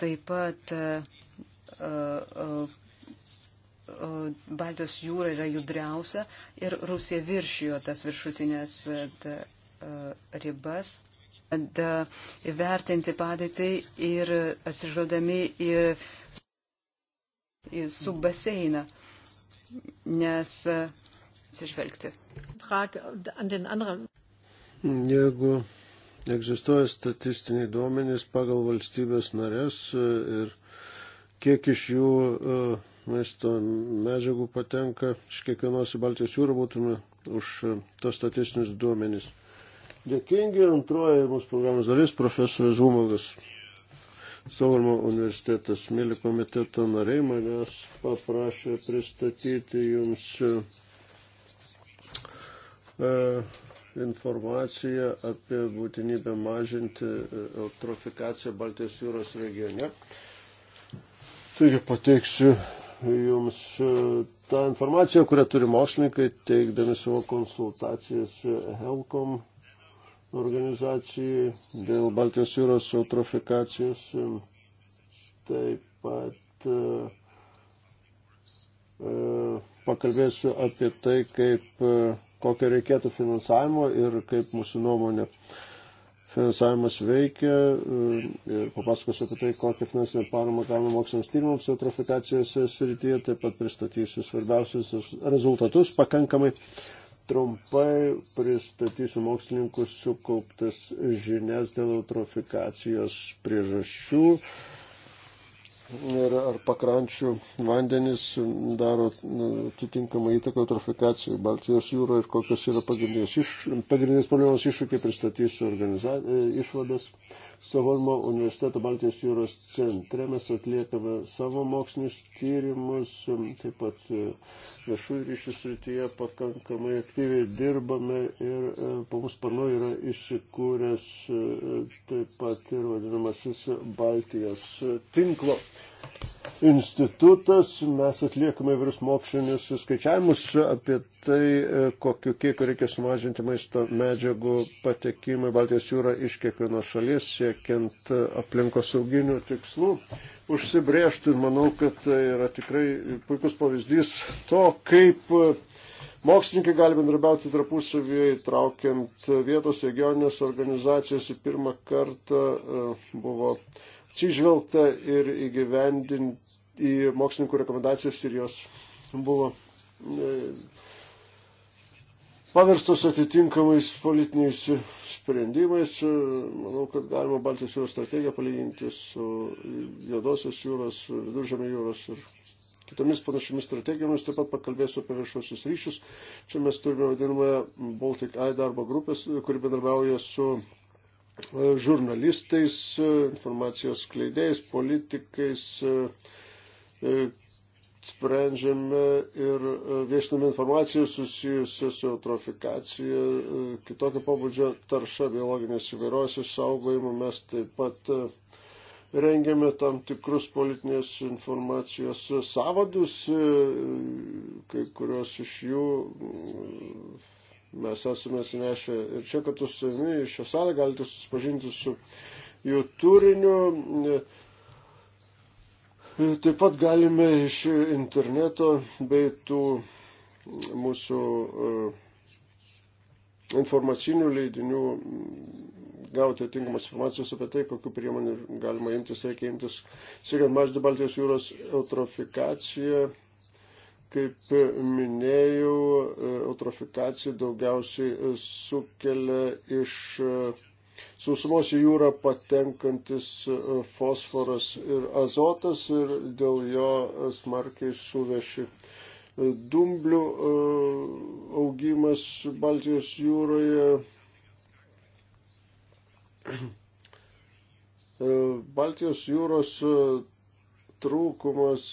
Taip pat uh, uh, Baltijos jūra yra judriausia ir Rusija viršijo tas viršutinės e, da, e, ribas. Da, įvertinti padėtį ir atsižvaldami ir, ir su baseiną, nes e, atsižvelgti. Jeigu egzistuoja statistiniai duomenys pagal valstybės narės ir kiek iš jų uh, maisto medžiagų patenka iš kiekvienos Baltijos jūrų, būtume už tos statistinius duomenys. Dėkingi antroji mūsų programos dalis profesorius Humagas. Stolmo universitetas, mėly komiteto nariai, manęs paprašė pristatyti jums e, informaciją apie būtinybę mažinti e, eutrofikaciją Baltijos jūros regione. Taigi pateiksiu jums e, tą informaciją, kurią turi mokslininkai, teikdami savo konsultacijas Helkom organizacijai dėl Baltijos jūros eutrofikacijos. Taip pat e, e, pakalbėsiu apie tai, kaip, kokio reikėtų finansavimo ir kaip mūsų nuomonė finansavimas veikia e, ir papasakosiu apie tai, kokią finansinę paramą gavome moksliniams tyrimams eutrofikacijos srityje, taip pat pristatysiu svarbiausius rezultatus. Pakankamai trumpai pristatysiu mokslininkus sukauptas žinias dėl eutrofikacijos priežasčių ir ar pakrančių vandenis daro nu, atitinkamą įtaką trofikacijai Baltijos jūroje ir kokios yra pagrindinės, iš, pagrindinės problemos iššūkiai, pristatysiu išvadas Stokholmo universiteto Baltijos jūros centre. Mes atliekame savo mokslinius tyrimus, taip pat e, viešųjų ryšių srityje pakankamai aktyviai dirbame ir e, po mūsų sparnu yra įsikūręs e, taip pat ir vadinamasis Baltijos tinklo institutas, mes atliekame virus mokslinius skaičiavimus apie tai, e, kokiu kiekiu reikia sumažinti maisto medžiagų patekimą į Baltijos jūrą iš kiekvienos šalies, siekiant aplinkosauginių tikslų užsibrėžti ir manau, kad tai yra tikrai puikus pavyzdys to, kaip e, mokslininkai gali bendrabiauti tarpusavyje, įtraukiant vietos regioninės organizacijas. Pirmą kartą e, buvo atsižvelgta ir įgyvendinti į mokslininkų rekomendacijas ir jos buvo e, paverstos atitinkamais politiniais sprendimais. E, manau, kad galima Baltijos jūros strategiją palyginti su Jodosios jūros, Viduržėmio jūros ir kitomis panašiomis strategijomis. Taip pat pakalbėsiu apie viešuosius ryšius. Čia mes turime vadinamąją Baltic Eye darbo grupės, kuri bendrabiauja su E, žurnalistais, e, informacijos kleidėjais, politikais, e, sprendžiame ir viešiname informaciją susijusią su eutrofikacija, kitokio pobūdžio tarša, biologinės įvairos išsaugojimu. Mes taip pat rengiame tam tikrus politinės informacijos savadus, kai kurios iš jų Mes esame sinešę ir čia kartu su savimi iš šią salę galite susipažinti su jų turiniu. Taip pat galime iš interneto bei tų mūsų e, informacinių leidinių gauti atitinkamos informacijos apie tai, kokiu priemonių galima imtis, reikia imtis, siekiant mažinti Baltijos jūros eutrofikaciją Kaip minėjau, e, eutrofikacija daugiausiai e, sukelia iš e, sausumos į jūrą patenkantis fosforas ir azotas ir dėl jo smarkiai suveši dumblių augimas Baltijos jūroje. Baltijos jūros trūkumas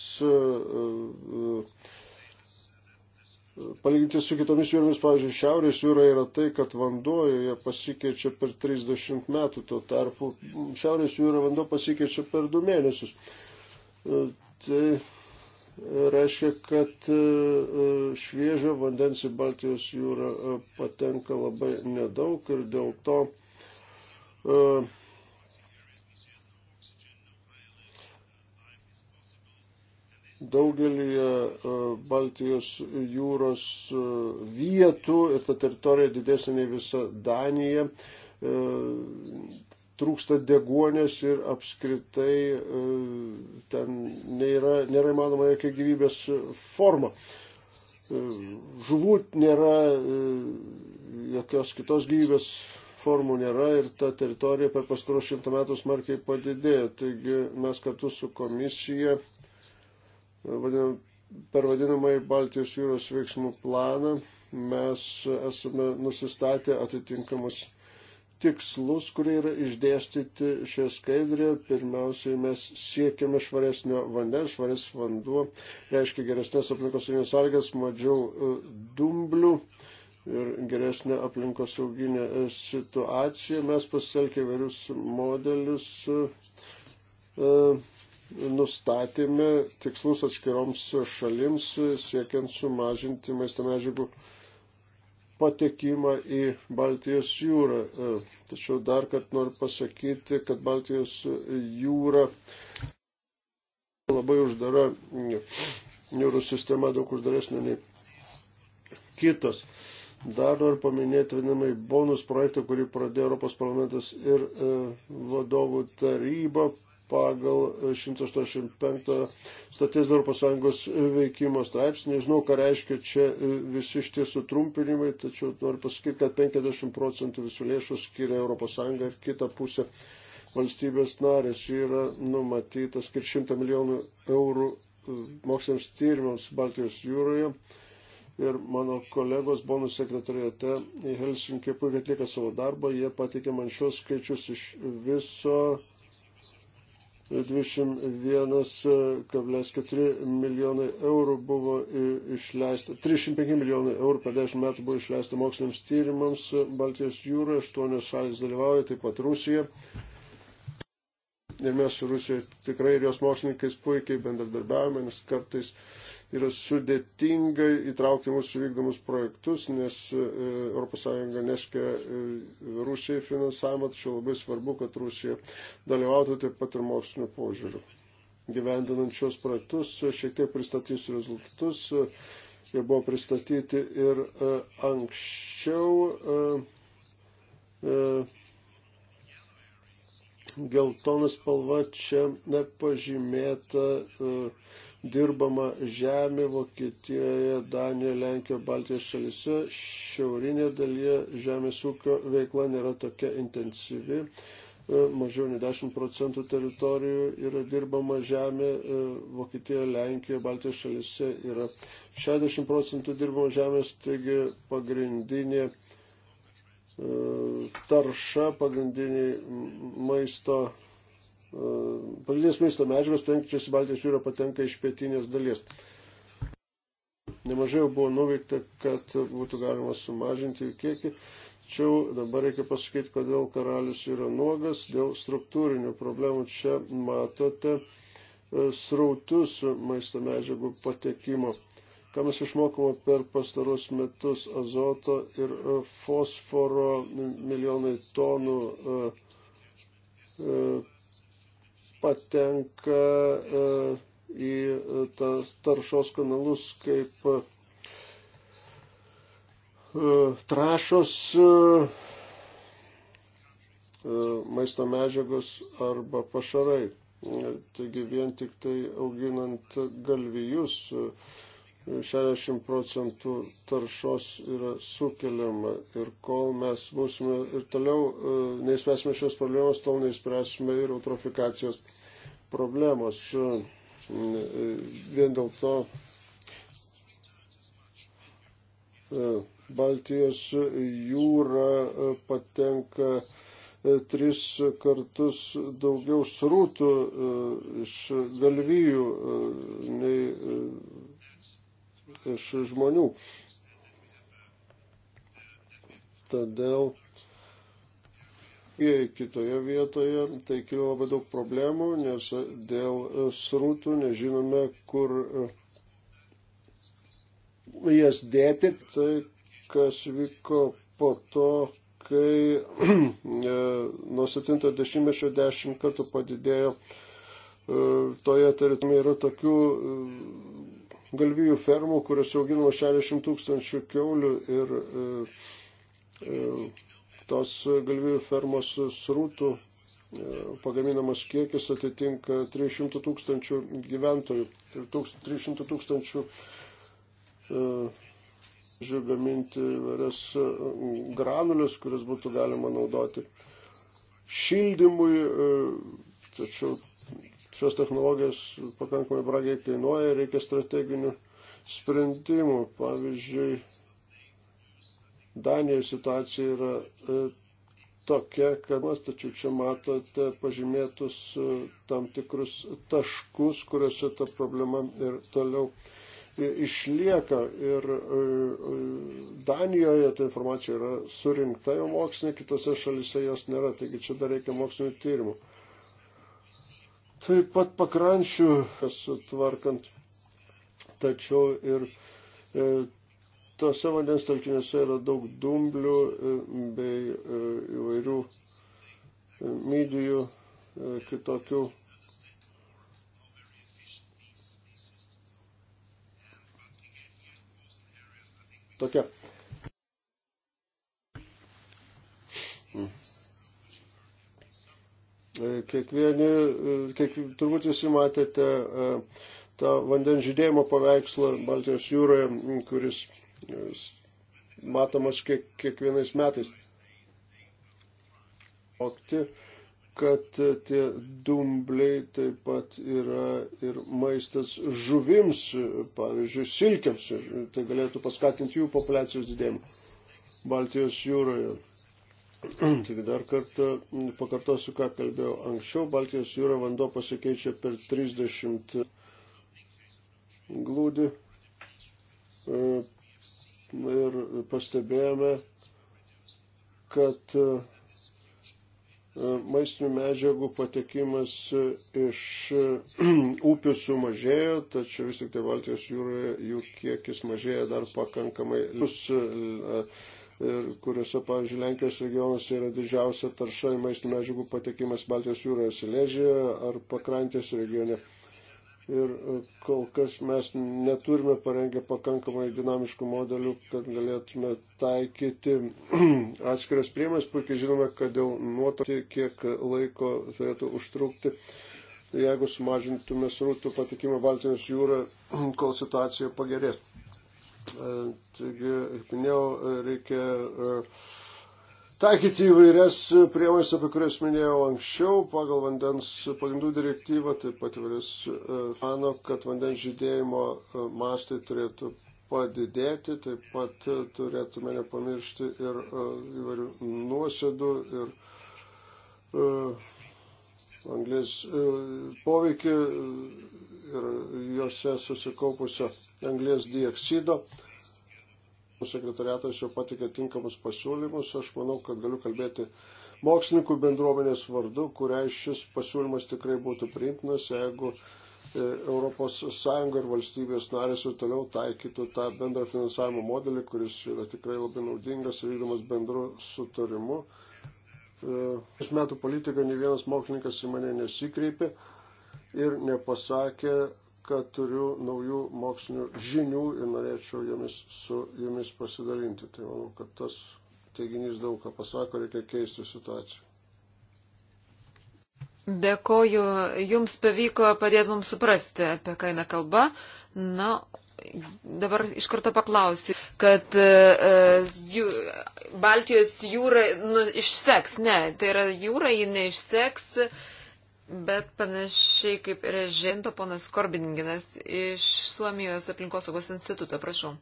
Palyginti su kitomis jūromis, pavyzdžiui, Šiaurės jūra yra tai, kad vanduo joje pasikeičia per 30 metų, tuo tarpu Šiaurės jūra vanduo pasikeičia per 2 mėnesius. E, tai reiškia, kad e, e, šviežio vandens į Baltijos jūrą patenka labai nedaug ir dėl to daugelį e, Baltijos jūros e, vietų ir ta teritorija didesnė nei visa Danija. E, trūksta degonės ir apskritai ten nėra, nėra įmanoma jokia gyvybės forma. Žuvų nėra, jokios kitos gyvybės formų nėra ir ta teritorija per pastaruosius šimtą metų smarkiai padidėjo. Taigi mes kartu su komisija uh, per vadinamąjį Baltijos jūros veiksmų planą mes esame nusistatę atitinkamus tikslus, kurie yra išdėstyti šioje skaidrėje. Pirmiausiai mes siekiame švaresnio vandens, švares vanduo, reiškia geresnės aplinkosauginės sąlygas, mažiau e, dumblių ir geresnė aplinkosauginė e, situacija. Mes pasitelkė vairius modelius e, nustatėme tikslus atskiroms šalims, siekiant sumažinti maisto medžiagų patekimą į Baltijos jūrą. Tačiau dar kartą noriu pasakyti, kad Baltijos jūra labai uždara, jūrų sistema daug uždaresnė nei kitos. Dar noriu paminėti vienamai bonus projektą, kurį pradėjo Europos parlamentas ir e, vadovų taryba pagal 185 statės Europos Sąjungos veikimo straipsnį. Nežinau, ką reiškia čia visi šitie sutrumpinimai, tačiau noriu pasakyti, kad 50 procentų visų lėšų skiria Europos Sąjunga ir kita pusė valstybės narės yra numatytas kaip 100 milijonų eurų moksliniams tyrimams Baltijos jūroje. Ir mano kolegos bonus sekretariate į Helsinkį puikiai atlieka savo darbą, jie patikė man šios skaičius iš viso 21,4 milijonai eurų buvo išleista, 305 milijonai eurų per 10 metų buvo išleista moksliniams tyrimams Baltijos jūroje, 8 šalis dalyvauja, taip pat Rusija. Ir mes su Rusija tikrai ir jos mokslininkais puikiai bendradarbiavame, nes kartais yra sudėtinga įtraukti mūsų vykdomus projektus, nes ES neskiria e, Rusijai finansavimą, tačiau labai svarbu, kad Rusija dalyvautų taip pat ir mokslinio požiūriu. Gyvendinant šios projektus, e, šiek tiek pristatysiu rezultatus. E, jie buvo pristatyti ir anksčiau. Geltonas spalva čia nepažymėta uh, dirbama žemė Vokietijoje, Danijoje, Lenkijoje, Baltijos šalise. Šiaurinėje dalyje žemės ūkio veikla nėra tokia intensyvi. E, mažiau nei 10 procentų teritorijų yra dirbama žemė, e, Vokietijoje, Lenkijoje, Baltijos šalise yra 60 procentų dirbama žemės, taigi pagrindinė e, tarša, pagrindiniai maisto pagrindinės maisto medžiagos, patenkančios į Baltijos jūrą, patenka iš pietinės dalies. Nemažai jau buvo nuveikta, kad būtų galima sumažinti jų kiekį, tačiau dabar reikia pasakyti, kodėl karalius yra nuogas, dėl struktūrinių problemų čia matote e, srautus maisto medžiagų patekimo. Ką mes išmokome per pastarus metus azoto ir e, fosforo milijonai tonų e, patenka e, į e, tas taršos kanalus kaip e, trašos maisto medžiagos arba pašarai. Taigi vien tik tai auginant galvijus 60 procentų taršos yra sukeliama ir kol mes būsime ir toliau, e, neįspręsime šios problemos, tol neįspręsime ir eutrofikacijos problemos. E, vien dėl to e, Baltijos jūra patenka tris kartus daugiau srūtų iš galvijų nei iš žmonių. Todėl jei kitoje vietoje, tai kilo labai daug problemų, nes dėl srūtų nežinome, kur uh, jas dėti. Tai kas vyko po to, kai e, nuo 70-mečio 10 kartų padidėjo e, toje teritorijoje yra tokių e, galvijų fermų, kuriuose auginama 60 tūkstančių keulių ir e, e, tos galvijų fermos srūtų e, pagaminamas kiekis atitinka 300 tūkstančių gyventojų ir tūks, 300 tūkstančių e, gaminti įvairias e, granulės, kuris būtų galima naudoti šildymui, e, tačiau Šios technologijos pakankamai bragiai kainuoja, reikia strateginių sprendimų. Pavyzdžiui, Danijoje situacija yra e, tokia, kad, tačiau čia matote pažymėtus e, tam tikrus taškus, kuriuose ta problema ir toliau e, išlieka. Ir Danijoje ta informacija yra surinkta jau mokslinė, kitose šalise jos nėra, taigi čia dar reikia mokslinio tyrimų taip pat pakrančių sutvarkant. Tačiau ir e, tose vandens telkiniuose yra daug dumblių e, bei e, įvairių e, mydijų, e, kitokių. Tokia E, kiekvieni, e, kiek, turbūt visi matėte e, tą vandens žydėjimo paveikslą Baltijos jūroje, kuris matomas kiek, kiekvienais metais. Okti, kad tie dumbliai taip pat yra ir maistas žuvims, pavyzdžiui, silkiams, ir tai galėtų paskatinti jų populiacijos didėjimą Baltijos jūroje. Tik dar kartą pakartosiu, ką kalbėjau anksčiau. Baltijos jūra vanduo pasikeičia per 30 glūdį. E, ir pastebėjome, kad e, maistinių medžiagų patekimas iš upių sumažėjo, tačiau vis tik tai Baltijos jūroje jų kiekis mažėja dar pakankamai. Jūs kuriuose, pavyzdžiui, Lenkijos regionuose yra didžiausia tarša į maistų medžiagų patekimas Baltijos jūroje, Silezijoje ar pakrantės regione. Ir e, kol kas mes neturime parengę pakankamai dinamiškų modelių, kad galėtume taikyti atskiras priemas. Puikiai žinome, kad dėl nuotokį, kiek laiko turėtų užtrukti jeigu sumažintume srautų patekimą Baltijos jūrą, kol situacija pagerės. E, taigi, kaip minėjau, reikia e, taikyti įvairias priemonės, apie kurias minėjau anksčiau, pagal vandens pagrindų direktyvą, taip pat įvairias e, mano, kad vandens žydėjimo mastai turėtų padidėti, taip pat turėtume nepamiršti ir įvairių nuosėdų ir uh, anglės e, poveikį e, ir juose susikaupusio anglės dioksido. Sekretariatas jau patikė tinkamus pasiūlymus. Aš manau, kad galiu kalbėti mokslininkų bendruomenės vardu, kuriai šis pasiūlymas tikrai būtų priimtinas, jeigu ES ir valstybės narės ir toliau taikytų tą bendrą finansavimo modelį, kuris yra tikrai labai naudingas ir vykdomas bendru sutarimu. Prieš e, metų politiką ne vienas mokslininkas į mane nesikreipė ir nepasakė, kad turiu naujų mokslinių žinių ir norėčiau jomis, su jomis pasidalinti. Tai manau, kad tas teiginys daug ką pasako, reikia keisti situaciją. Dėkoju, jums pavyko padėti mums suprasti, apie ką eina kalba. Na, dabar iš karto paklausiu, kad uh, jų, Baltijos jūra nu, išseks. Ne, tai yra jūra, ji neišseks, bet panašiai kaip režento ponas Korbininginas iš Suomijos aplinkosaugos instituto. Prašau.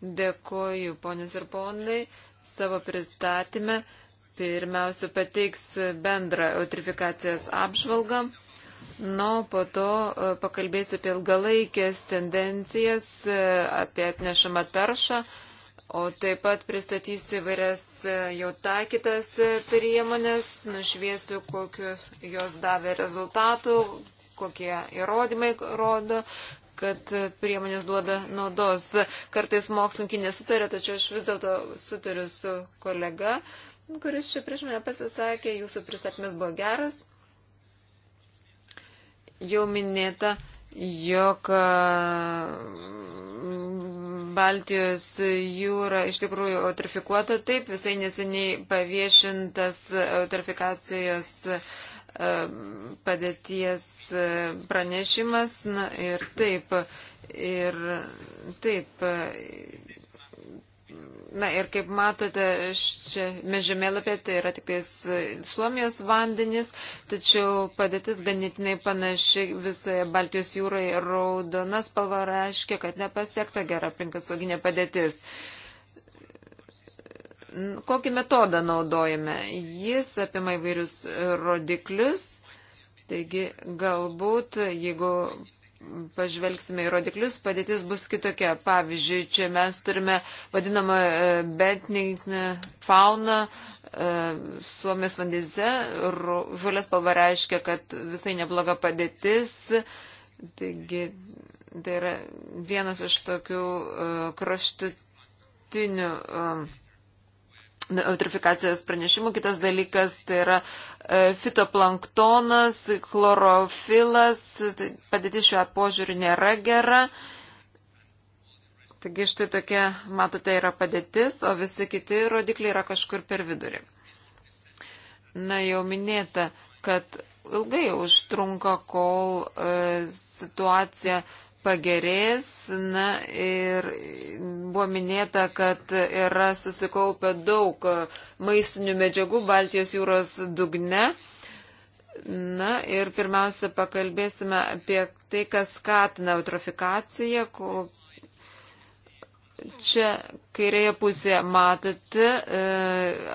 Dėkoju, ponės ir ponai, savo pristatymę. Pirmiausia, pateiks bendrą eutrifikacijos apžvalgą. Na, po to e, pakalbėsiu apie ilgalaikės tendencijas, e, apie atnešamą taršą, o taip pat pristatysiu įvairias e, jau taikytas priemonės, nušviesiu, kokius jos davė rezultatų, kokie įrodymai rodo kad priemonės duoda naudos. Kartais mokslininkai nesutarė, tačiau aš vis dėlto sutariu su kolega, kuris čia prieš mane pasisakė, jūsų pristatymas buvo geras. Jau minėta, jog Baltijos jūra iš tikrųjų eutrifikuota, taip visai neseniai paviešintas eutrifikacijos padėties pranešimas. Na ir taip, ir taip, Na ir kaip matote, šiame žemėlapė tai yra tik tais e, Suomijos vandenis, tačiau padėtis ganėtinai panaši visoje Baltijos jūroje ir raudonas spalva reiškia, kad nepasiekta gera aplinkosauginė padėtis. Kokį metodą naudojame? Jis apima įvairius rodiklius, taigi galbūt, jeigu pažvelgsime į rodiklius, padėtis bus kitokia. Pavyzdžiui, čia mes turime vadinamą e, betninkinę fauną e, Suomės vandense. Žolės palva reiškia, kad visai nebloga padėtis. Taigi, tai yra vienas iš tokių e, kraštutinių. Uh, eutrifikacijos pranešimų. Kitas dalykas tai yra e, fitoplanktonas, chlorofilas, tai padėtis šiuo požiūriu nėra gera. Taigi štai tokia, matote, yra padėtis, o visi kiti rodikliai yra kažkur per vidurį. Na, jau minėta, kad ilgai užtrunka, kol e, situacija pagerės. Na ir buvo minėta, kad yra susikaupę daug maistinių medžiagų Baltijos jūros dugne. Na ir pirmiausia, pakalbėsime apie tai, kas skatina eutrofikaciją. Čia kairėje pusėje matote e,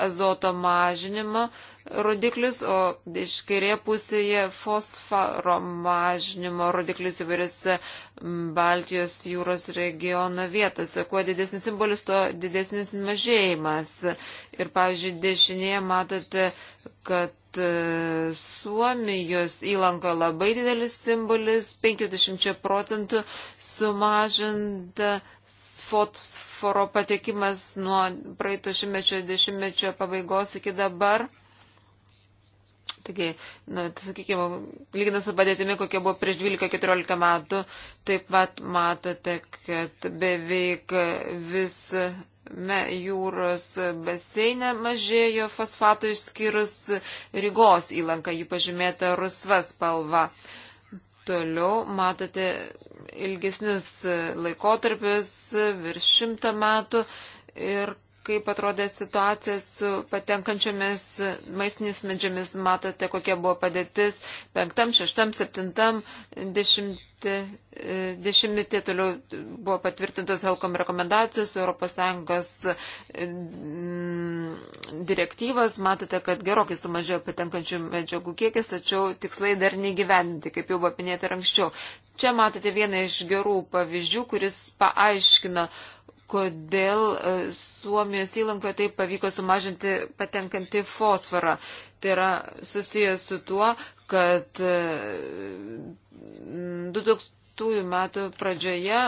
azoto mažinimą, e, rodiklis, o iš kairėje pusėje fosforo mažinimo rodiklis įvairiose Baltijos jūros regiono vietose. Kuo didesnis simbolis, tuo didesnis mažėjimas. Ir, pavyzdžiui, dešinėje matote, kad e, Suomijos įlanko labai didelis simbolis, 50 procentų sumažinta fosforo patekimas nuo praeito šimtmečio dešimtmečio pabaigos iki dabar. Taigi, na, tai sakykime, lyginant su padėtimi, kokia buvo prieš 12-14 metų, taip pat matote, kad beveik vis me jūros baseinė mažėjo fosfato išskyrus Rygos įlanką, jį pažymėta rusvas spalva. Toliau matote ilgesnius laikotarpius virš šimto metų ir kaip atrodė situacija su patenkančiomis maistinės medžiamis, matote, kokia buvo padėtis penktam, šeštam, septintam e, dešimtmetį, toliau buvo patvirtintos Helkom rekomendacijos, ES e, direktyvas, matote, kad gerokai sumažėjo patenkančių medžiagų kiekis, tačiau tikslai dar negyvendinti, kaip jau buvo pinėta ir anksčiau. Čia matote vieną iš gerų pavyzdžių, kuris paaiškina, uh, kodėl e, Suomijos įlankoje taip pavyko sumažinti patenkantį fosforą. Tai yra susijęs su tuo, kad 2000 e, metų pradžioje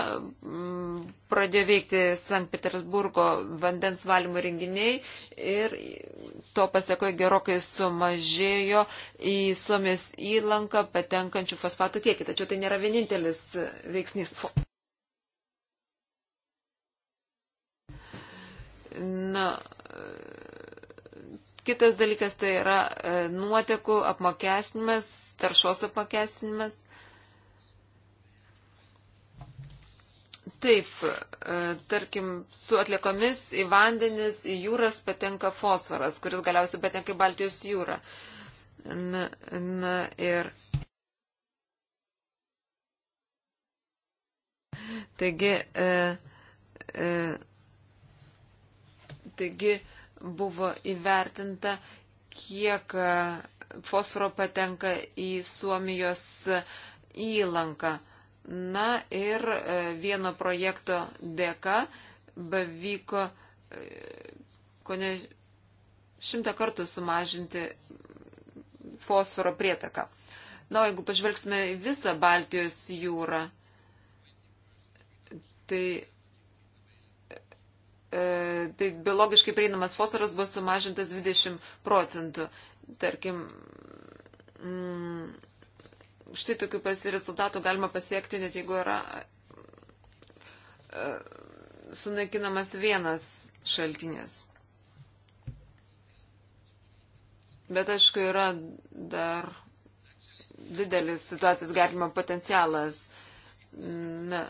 pradėjo veikti Sankt Petersburgo vandens valymo renginiai ir to pasakoje gerokai sumažėjo į Suomijos įlanką patenkančių fosfatų kiekį. Tačiau tai nėra vienintelis veiksnys. Na, kitas dalykas tai yra e, nuotekų apmokestinimas, taršos apmokestinimas. Taip, e, tarkim, su atliekomis į vandenis, į jūras patenka fosforas, kuris galiausiai patenka į Baltijos jūrą. Na, na ir. Taigi, e, e, Taigi buvo įvertinta, kiek e, fosforo patenka į Suomijos įlanką. Na ir e, vieno projekto dėka pavyko e, ko ne šimtą kartų sumažinti fosforo prietaką. Na, jeigu pažvelgsime visą Baltijos jūrą, tai E, tai biologiškai prieinamas fosforas bus sumažintas 20 procentų. Tarkim, mm, štai tokių rezultatų galima pasiekti, net jeigu yra e, sunaikinamas vienas šaltinis. Bet aišku, yra dar didelis situacijos gerimo potencialas. Na,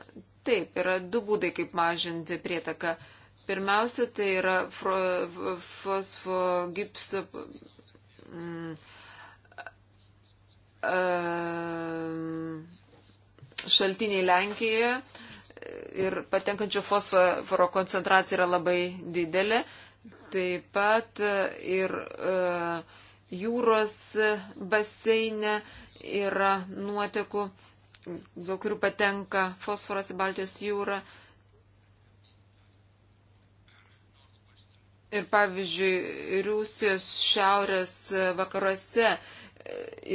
taip, yra du būdai, kaip mažinti prietaką. Uh, Pirmiausia, tai yra fosfogipso mm, šaltiniai Lenkijoje ir patenkančio fosforo koncentracija yra labai didelė. Taip pat ir e, jūros baseine yra nuotekų, dėl kurių patenka fosforas į Baltijos jūrą. Ir pavyzdžiui, Rusijos šiaurės vakaruose e,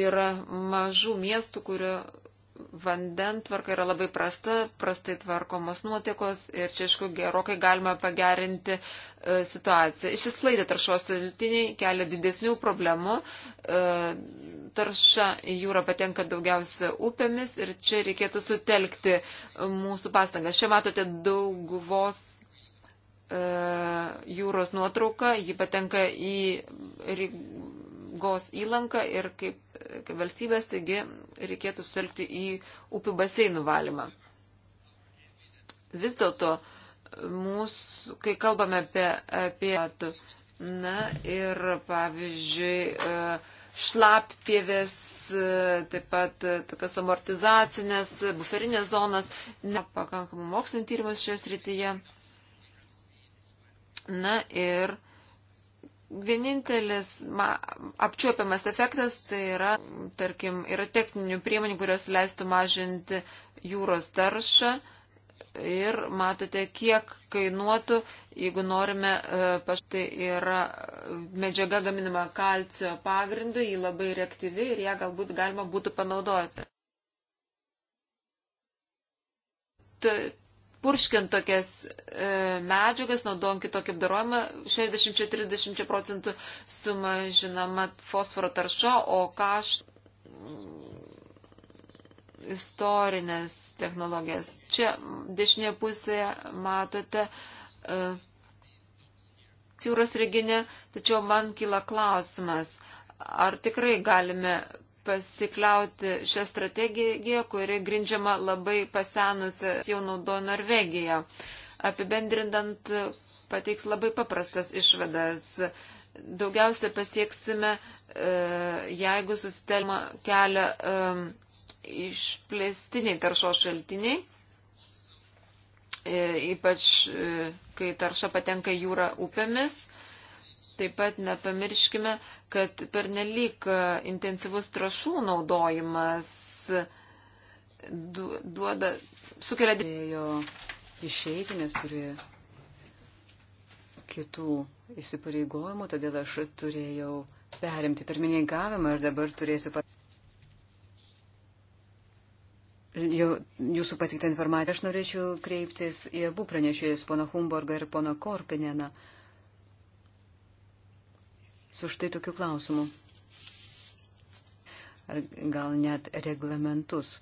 yra mažų miestų, kurio vandentvarka yra labai prasta, prastai tvarkomos nuotekos ir čia, aišku, gerokai galima pagerinti e, situaciją. Išsislaidė taršos šaltiniai, kelia didesnių problemų, e, tarša į jūrą patenka daugiausia upėmis ir čia reikėtų sutelkti mūsų pastangas. Čia matote dauguvos E, jūros nuotrauka, ji patenka į Rygos įlanką ir kaip, kaip valstybės, taigi reikėtų suelgti į upių baseinų valymą. Vis dėlto, mūsų, kai kalbame apie, apie na ir pavyzdžiui, e, šlappievės, e, taip pat tokias amortizacinės, buferinės zonas, nepakankamų mokslinio tyrimas šioje srityje. Na ir vienintelis ma, apčiuopiamas efektas tai yra, tarkim, yra techninių priemonių, kurios leistų mažinti jūros taršą. Ir matote, kiek kainuotų, jeigu norime, e, paštai yra medžiaga gaminama kalcio pagrindu, ji labai reaktyvi ir ją galbūt galima būtų panaudoti purškiant tokias e, medžiagas, naudojant kitokį apdarojimą, 60-30 procentų sumažinama fosforo tarša, o kaž mm, istorinės technologijas. Čia dešinėje pusėje matote e, jūros reginę, tačiau man kyla klausimas, ar tikrai galime pasikliauti šią strategiją, kuri grindžiama labai pasenusi, jau naudoja Norvegija. Apibendrindant, pateiks labai paprastas išvadas. Daugiausia pasieksime, e, jeigu susitelma kelia e, išplėstiniai taršos šaltiniai, e, ypač kai tarša patenka jūra upėmis. Taip pat nepamirškime, kad pernelyg e, intensyvus trašų naudojimas du, duoda, sukelia dėjo išeiti, nes turi kitų įsipareigojimų, todėl aš turėjau perimti pirmininkavimą ir dabar turėsiu pat... Jau, jūsų patiktą informaciją aš norėčiau kreiptis į abu pranešėjus, pono Humborgą ir pono Korpineną. Uh, su štai tokiu klausimu. Ar gal net reglamentus.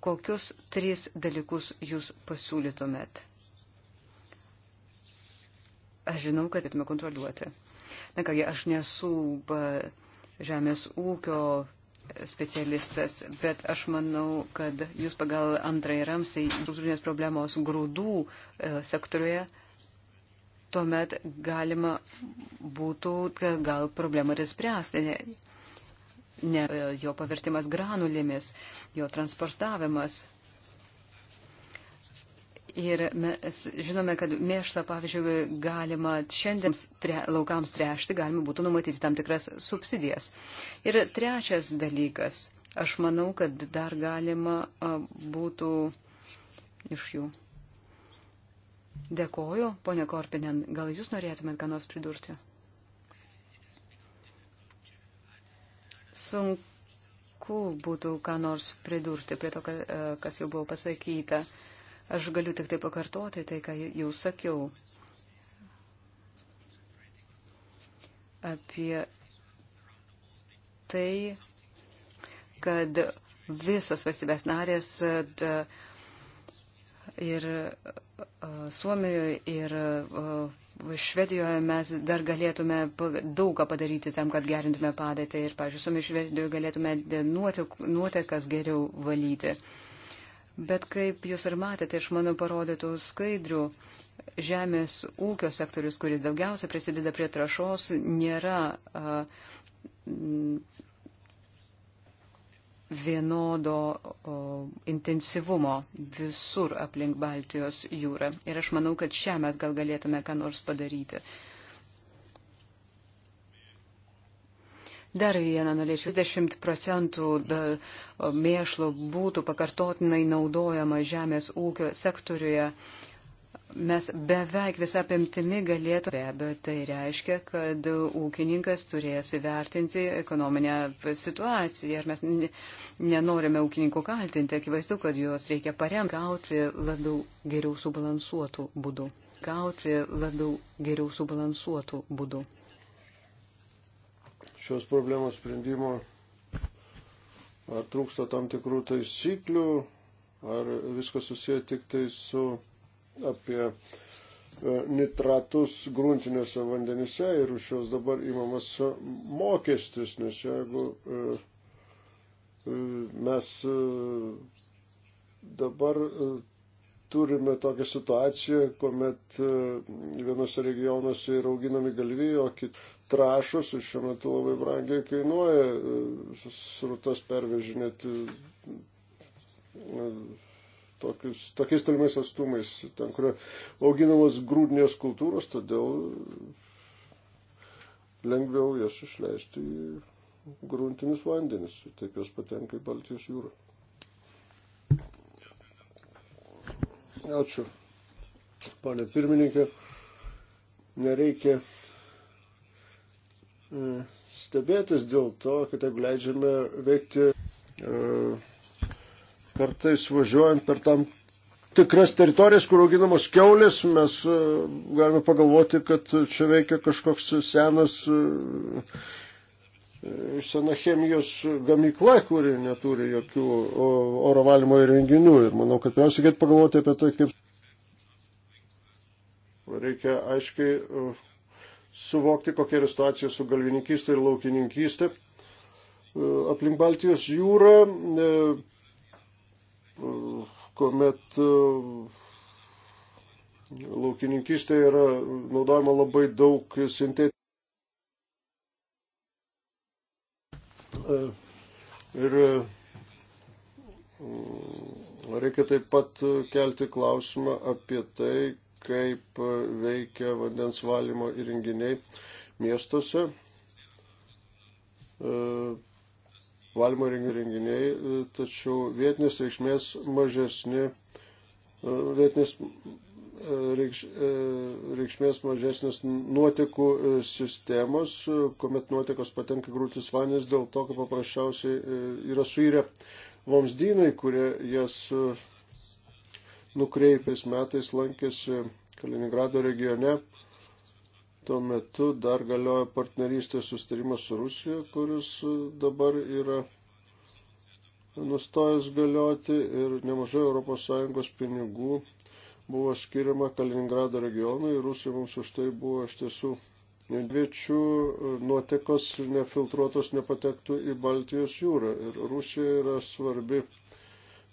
Kokius tris dalykus jūs pasiūlytumėt? Aš žinau, kad turėtume kontroliuoti. Na kągi, aš nesu žemės ūkio specialistas, bet aš manau, kad jūs pagal antrąjį ramstį struktūrinės problemos grūdų e, sektoriuje tuomet galima būtų gal problemą ir spręsti. Ne, ne e, jo pavertimas granulėmis, jo transportavimas. Ir mes žinome, kad mėšlą, pavyzdžiui, galima šiandien tre, laukams trešti, galima būtų numatyti tam tikras subsidijas. Ir trečias dalykas, aš manau, kad dar galima būtų iš jų Dėkoju, ponė Korpinen. Gal jūs norėtumėt ką nors pridurti? Sunku būtų ką nors pridurti prie to, e, kas jau buvo pasakyta. Aš galiu tik tai pakartoti tai, ką jau sakiau apie tai, kad visos valstybės narės da, e, uh, ir Suomijoje, ir Švedijoje mes dar galėtume daug ką padaryti tam, kad gerintume padėtį ir, pažiūrėjau, Suomijoje, Švedijoje galėtume nuotekas geriau valyti. Bet kaip jūs ir matėte iš mano parodytų skaidrių, žemės ūkio sektorius, kuris daugiausia prisideda prie trašos, nėra. Uh, vienodo o, intensyvumo visur aplink Baltijos jūrą. Ir aš manau, kad šią mes gal galėtume ką nors padaryti. Dar vieną norėčiau. 20 procentų mėšlo būtų pakartotinai naudojama žemės ūkio sektoriuje. Uh, mes beveik visą apimtimi galėtume. Be abejo, tai reiškia, kad ūkininkas turės įvertinti ekonominę situaciją. Ir mes nenorime ūkininkų kaltinti. Akivaizdu, kad juos reikia paremti, gauti labiau geriau subalansuotų būdų. Gauti labiau geriau subalansuotų būdų. Šios problemos sprendimo ar trūksta tam tikrų taisyklių, ar viskas susiję tik tai su apie e, nitratus gruntinėse vandenise ir už juos dabar įmamas mokestis, nes jeigu e, e, mes dabar turime tokią situaciją, kuomet vienose regionuose yra auginami galvijai, o kit trašus ir šiuo metu labai brangiai kainuoja srutas pervežinėti tokius, tokiais tolimais atstumais, ten, kur auginamas grūdinės kultūros, todėl lengviau jas išleisti į gruntinius vandenis, taip jos patenka į Baltijos jūrą. Ačiū, pane pirmininkė. Nereikia e, stebėtis dėl to, kad jeigu leidžiame veikti e, Kartais važiuojant per tam tikras teritorijas, kur auginamos keulės, mes e, galime pagalvoti, kad čia veikia kažkoks senas e, e, sena chemijos gamykla, kuri neturi jokių oro valymo įrenginių. Ir manau, kad pirmiausia, reikėtų pagalvoti apie tai, kaip reikia aiškiai suvokti, kokia yra situacija su galvininkystė ir laukininkystė. Aplink Baltijos jūrą kuomet e, laukininkystėje yra naudojama labai daug sintetinių. E, ir e, reikia taip pat kelti klausimą apie tai, kaip veikia vandens valymo įrenginiai miestuose valymo renginiai, e, tačiau vietinės reikšmės mažesni, e, vietinės e, reikš, reikšmės mažesnės nuotekų sistemos, kuomet nuotekos patenka grūtis vanės dėl to, kad paprasčiausiai yra suirę vamzdynai, kurie jas nukreipęs metais lankėsi Kaliningrado regione Tuo metu dar galioja partnerystės sustarimas su Rusija, kuris dabar yra nustojęs galioti ir nemažai ES pinigų buvo skiriama Kaliningrado regionui ir Rusija mums už tai buvo iš tiesų dviečių nuotekos nefiltruotos nepatektų į Baltijos jūrą. Ir Rusija yra svarbi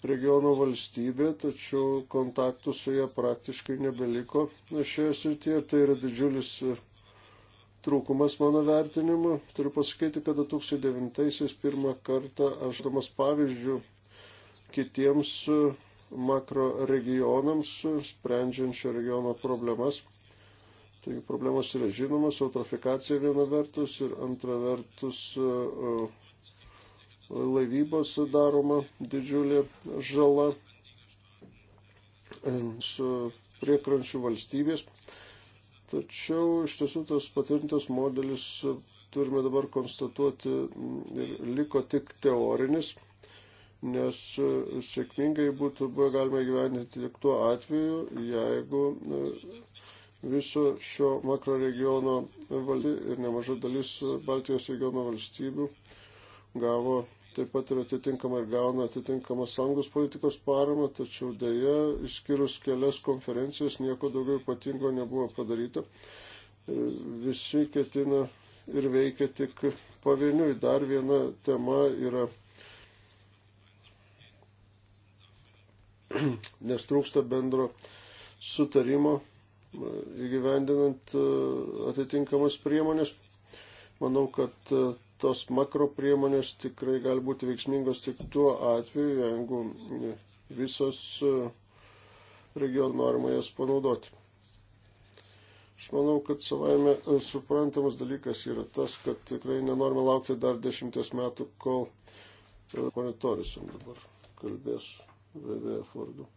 regiono valstybė, tačiau kontaktų su ja praktiškai nebeliko šioje srityje. Tai yra didžiulis e, trūkumas mano vertinimu. Turiu pasakyti, kad 2009-aisiais pirmą kartą aš damas pavyzdžių kitiems e, makro regionams, e, sprendžiančio regiono problemas. Taigi problemos yra žinomas, eutrofikacija viena vertus ir antra vertus laivybos sudaroma didžiulė žala e, su priekrančių valstybės. Tačiau iš tiesų tas patvirtintas modelis e, turime dabar konstatuoti ir liko tik teorinis, nes e, sėkmingai būtų buvę galima gyveninti tik tuo atveju, jeigu viso šio makroregiono valdy ir nemaža dalis Baltijos regiono valstybių gavo taip pat ir atitinkamai gauna atitinkamą sąjungos politikos paramą, tačiau dėja, išskyrus kelias konferencijas, nieko daugiau ypatingo nebuvo padaryta. E, visi ketina ir veikia tik pavieniui. Dar viena tema yra nes trūksta bendro sutarimo e, įgyvendinant e, atitinkamas priemonės. Manau, kad tos makropriemonės tikrai gali būti veiksmingos tik tuo atveju, jeigu visos e, regionų norima jas panaudoti. Aš manau, kad savaime e, suprantamas dalykas yra tas, kad tikrai nenorime laukti dar dešimties metų, kol monitorisim e, dabar kalbės VVF vardu.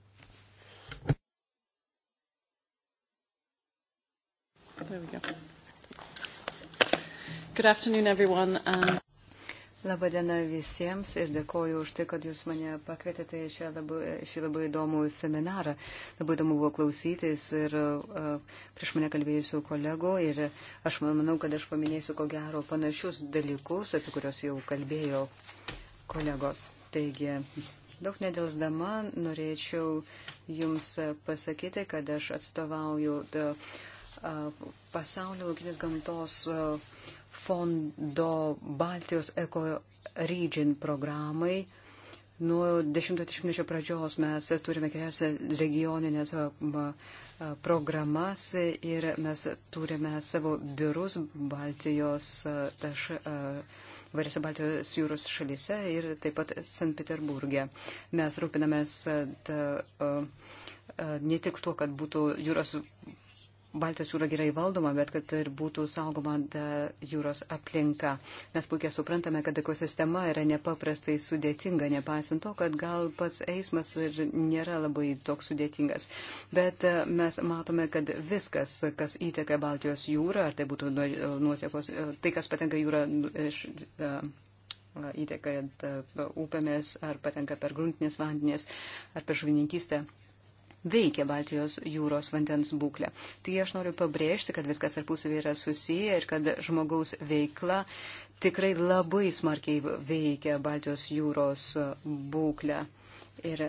There we go. Good afternoon, everyone. And... Labadiena visiems ir dėkoju už tai, kad jūs mane pakvietėte į šį labai, šį labai įdomų seminarą. Labai įdomu buvo klausytis ir uh, prieš mane kalbėjusių kolegų ir aš manau, kad aš paminėsiu ko gero panašius dalykus, apie kuriuos jau kalbėjo kolegos. Taigi, daug nedelsdama norėčiau jums pasakyti, kad aš atstovauju uh, pasaulio laukinės gamtos. Uh, fondo Baltijos Eko Region programai. Nuo 10-20 pradžios mes turime kelias regioninės programas ir mes turime savo biurus Baltijos, taš, variose Baltijos jūros šalyse ir taip pat St. Peterburgė. Mes rūpinamės ta, ne tik tuo, kad būtų jūros Baltijos jūra gerai valdoma, bet kad ir būtų saugoma jūros aplinka. Mes puikiai suprantame, kad ekosistema yra nepaprastai sudėtinga, nepaisant to, kad gal pats eismas ir nėra labai toks sudėtingas. Bet e, mes matome, kad viskas, kas įteka Baltijos jūrą, ar tai būtų e, nuotekos, e, tai kas patenka jūra nu, iš. Įteka upėmis ar patenka per gruntinės vandenės ar per žuvininkystę veikia Baltijos jūros vandens būklę. Tai aš noriu pabrėžti, kad viskas tarpusavį yra susiję ir kad žmogaus veikla tikrai labai smarkiai veikia Baltijos jūros būklę. Ir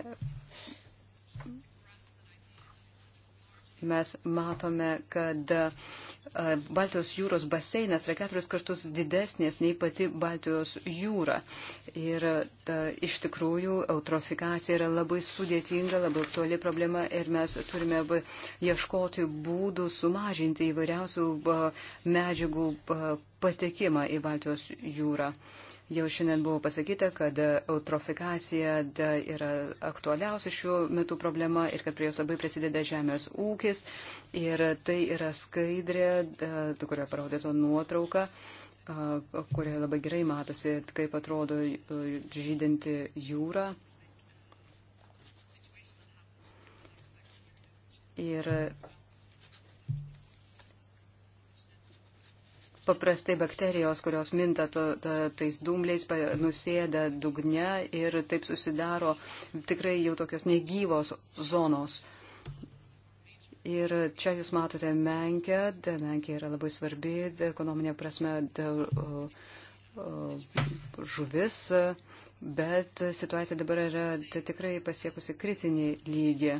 mes matome, kad e, Baltijos jūros baseinas yra keturis kartus didesnės nei pati Baltijos jūra. Ir ta, e, iš tikrųjų eutrofikacija yra labai sudėtinga, labai aktuali problema ir mes turime ieškoti būdų sumažinti įvairiausių medžiagų patekimą į Baltijos jūrą. Uh, Jau šiandien buvo pasakyta, kad eutrofikacija yra aktualiausia šiuo metu problema ir kad prie jos labai prisideda žemės ūkis. Ir tai yra skaidrė, kurioje parodyta nuotrauka kurioje labai gerai matosi, kaip atrodo žydinti jūra. Ir Paprastai bakterijos, kurios minta to, ta, tais dumbliais, nusėda dugne ir taip susidaro tikrai jau tokios negyvos zonos. Ir čia jūs matote menkę, menkė yra labai svarbi, ekonominė prasme, da, o, o, žuvis, bet situacija dabar yra tikrai pasiekusi kritinį lygį.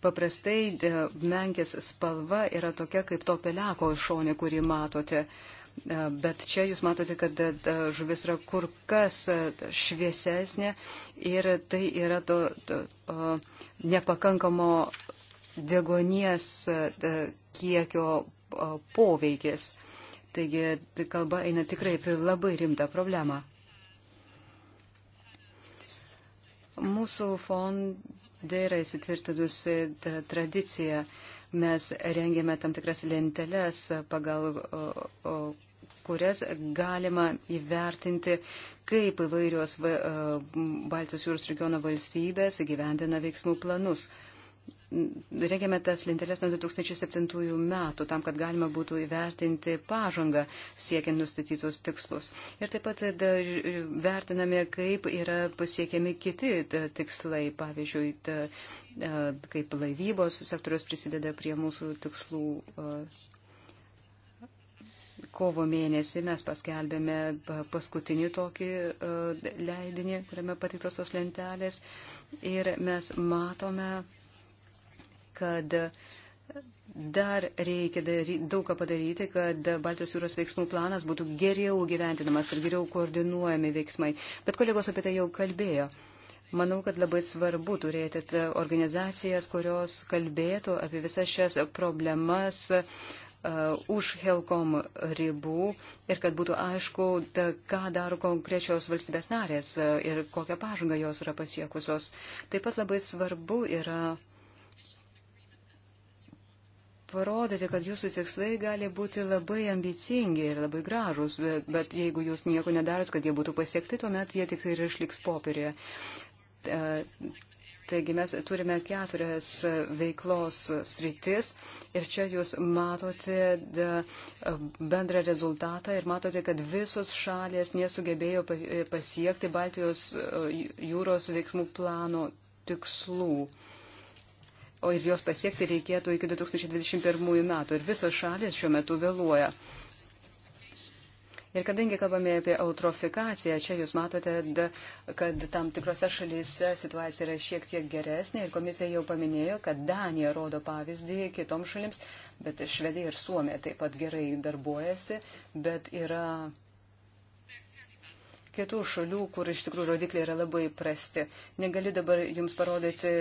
Paprastai e, menkės spalva yra tokia kaip to peleko šonė, kurį matote. E, bet čia jūs matote, kad e, žuvis yra kur kas šviesesnė ir tai yra to, to o, nepakankamo degonies kiekio poveikis. Taigi tai kalba eina tikrai apie labai rimtą problemą. Mūsų fond, D tai yra įsitvirtinusi tradicija. Mes rengėme tam tikras lenteles, pagal o, o, kurias galima įvertinti, kaip įvairios Baltijos jūros regiono valstybės įgyvendina veiksmų planus. Uh, Regėme tas lentelės nuo 2007 metų, tam, kad galima būtų įvertinti pažangą siekiant nustatytus tikslus. Ir taip pat da, vertiname, kaip yra pasiekiami kiti da, tikslai, pavyzdžiui, da, kaip laivybos sektorius prisideda prie mūsų tikslų. Kovo mėnesį mes paskelbėme paskutinį tokį leidinį, kuriame patiktos tos lentelės. Ir mes matome kad dar reikia daug ką padaryti, kad Baltijos jūros veiksmų planas būtų geriau gyventinamas ir geriau koordinuojami veiksmai. Bet kolegos apie tai jau kalbėjo. Manau, kad labai svarbu turėti organizacijas, kurios kalbėtų apie visas šias problemas uh, už Helkom ribų ir kad būtų aišku, ta, ką daro konkrečios valstybės narės ir kokią pažangą jos yra pasiekusios. Taip pat labai svarbu yra parodėte, kad jūsų tikslai gali būti labai ambicingi ir labai gražus, bet, bet jeigu jūs nieko nedarot, kad jie būtų pasiekti, tuomet jie tik tai ir išliks popierėje. Taigi mes turime keturias veiklos sritis ir čia jūs matote bendrą rezultatą ir matote, kad visos šalės nesugebėjo pasiekti Baltijos e, jūros veiksmų plano tikslų o ir jos pasiekti reikėtų iki 2021 metų. Ir visos šalis šiuo metu vėluoja. Ir kadangi kalbame apie eutrofikaciją, čia jūs matote, kad tam tikrose šalyse situacija yra šiek tiek geresnė ir komisija jau paminėjo, kad Danija rodo pavyzdį kitoms šalims, bet Švedija ir Suomija taip pat gerai darbuojasi, bet yra kitų šalių, kur iš tikrųjų rodikliai yra labai prasti. Negaliu dabar jums parodyti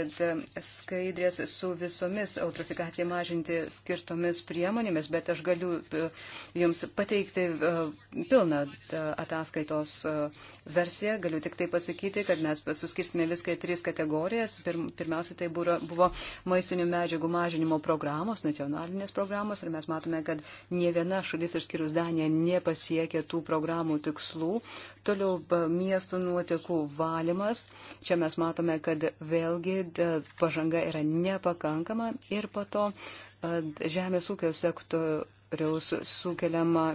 skaidrės su visomis eutrofikacijai mažinti skirtomis priemonėmis, bet aš galiu e, jums pateikti e, pilną ataskaitos e, versiją. Galiu tik tai pasakyti, kad mes suskirstime viską į tris kategorijas. Pirmiausia, tai buvo maistinių medžiagų mažinimo programos, nacionalinės programos ir mes matome, kad ne viena šalis išskyrus Daniją nepasiekė tų programų tikslų. Toliau miestų nuotekų valymas. Čia mes matome, kad vėlgi pažanga yra nepakankama ir po to žemės ūkio sektoriaus sukeliama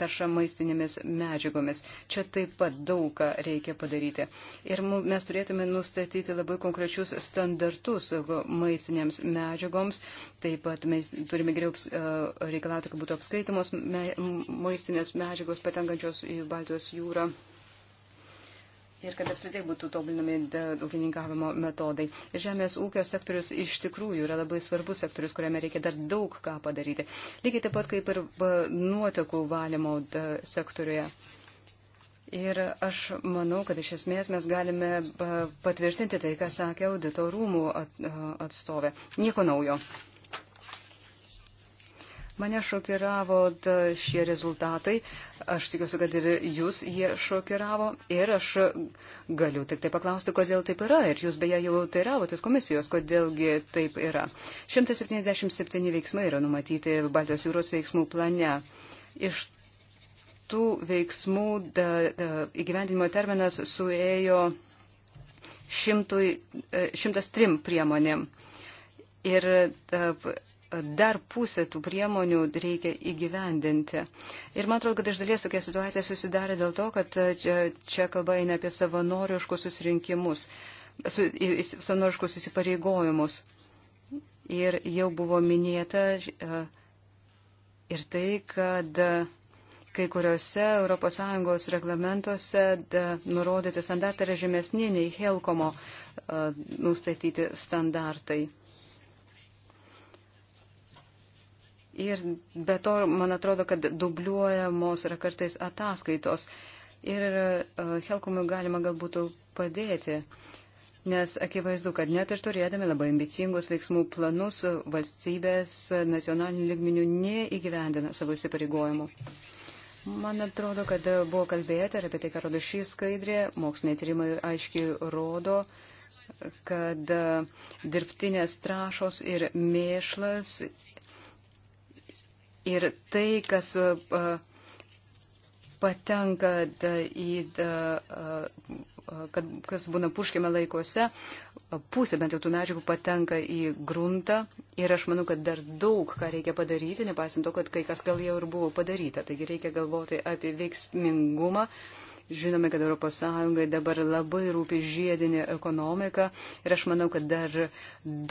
taršą maistinėmis medžiagomis. Čia taip pat daug ką reikia padaryti. Ir mes turėtume nustatyti labai konkrečius standartus maistinėms medžiagoms. Taip pat mes turime geriau e, reikalauti, kad būtų apskaitomos maistinės medžiagos patenkančios į Baltijos jūrą ir kad apskritai būtų tobulinami e, ūkininkavimo metodai. Žemės ūkio sektorius iš tikrųjų yra labai svarbus sektorius, kuriame reikia dar daug ką padaryti. Lygiai taip pat kaip ir e, nuotekų valymo e, sektoriuje. Ir aš manau, kad iš esmės mes galime patvirtinti tai, ką sakė audito rūmų atstovė. Nieko naujo. Mane šokiravo šie rezultatai, aš tikiuosi, kad ir jūs jie šokiravo ir aš galiu tik tai paklausti, kodėl taip yra ir jūs beje jau teiravotės komisijos, kodėlgi taip yra. 177 veiksmai yra numatyti Baltijos jūros veiksmų plane. Iš tų veiksmų da, da, įgyvendinimo terminas suėjo 103 e, priemonėm. Ir da, e, dar pusę tų priemonių reikia įgyvendinti. Ir man atrodo, kad iš dalies tokia situacija susidarė dėl to, kad e, čia, čia kalba eina apie savanoriškus susirinkimus, su, savanoriškus įsipareigojimus. Ir jau buvo minėta e, ir tai, kad e, kai kuriuose ES reglamentuose nurodyti standartai yra žemesni nei Helkomo nustatyti standartai. Ir be to, man atrodo, kad dubliuojamos yra kartais ataskaitos. Ir e, Helkomui galima galbūt padėti, nes akivaizdu, kad net ir turėdami labai ambicingus veiksmų planus, valstybės nacionalinių ligminių neįgyvendina savo įsipareigojimų. Man atrodo, kad buvo kalbėta ir apie tai, ką rodo šį skaidrį. Moksliniai tyrimai aiškiai rodo, kad dirbtinės trašos ir mėšlas Ir tai, kas patenka į, kad, kas būna puškiame laikuose, pusė bent jau tų medžiagų patenka į gruntą ir aš manau, kad dar daug ką reikia padaryti, nepaisant to, kad kai kas gal jau ir buvo padaryta. Taigi reikia galvoti apie veiksmingumą, uh, Žinome, kad ES dabar labai rūpi žiedinė ekonomika ir aš manau, kad dar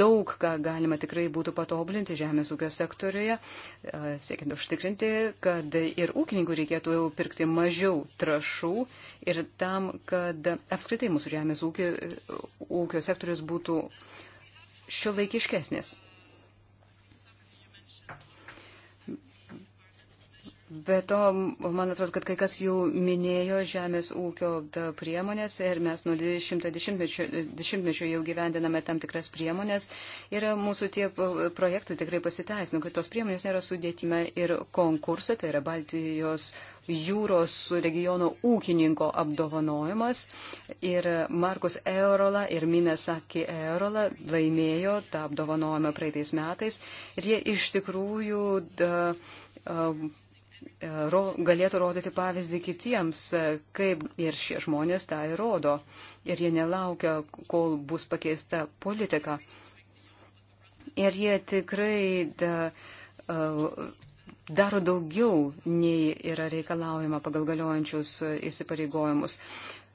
daug ką galima tikrai būtų patoblinti žemės ūkio sektoriuje, e, siekiant užtikrinti, kad ir ūkininkų reikėtų jau pirkti mažiau trašų ir tam, kad apskritai mūsų žemės ūkio, ūkio sektorius būtų šio laikiškesnis. Be to, man atrodo, kad kai kas jau minėjo žemės ūkio priemonės ir mes nuo 10-mečio jau gyvendiname tam tikras priemonės ir mūsų tie projektai tikrai pasiteisino, kad tos priemonės nėra sudėtime ir konkursą, tai yra Baltijos jūros regiono ūkininko apdovanojimas ir Markus Eurola ir Minesaki Eurola laimėjo tą apdovanojimą praeitais metais ir jie iš tikrųjų da, uh, E, galėtų rodyti pavyzdį kitiems, e, kaip ir šie žmonės tą įrodo. Ir jie nelaukia, kol bus pakeista politika. Ir jie tikrai da, e, daro daugiau, nei yra reikalaujama pagal galiojančius įsipareigojimus.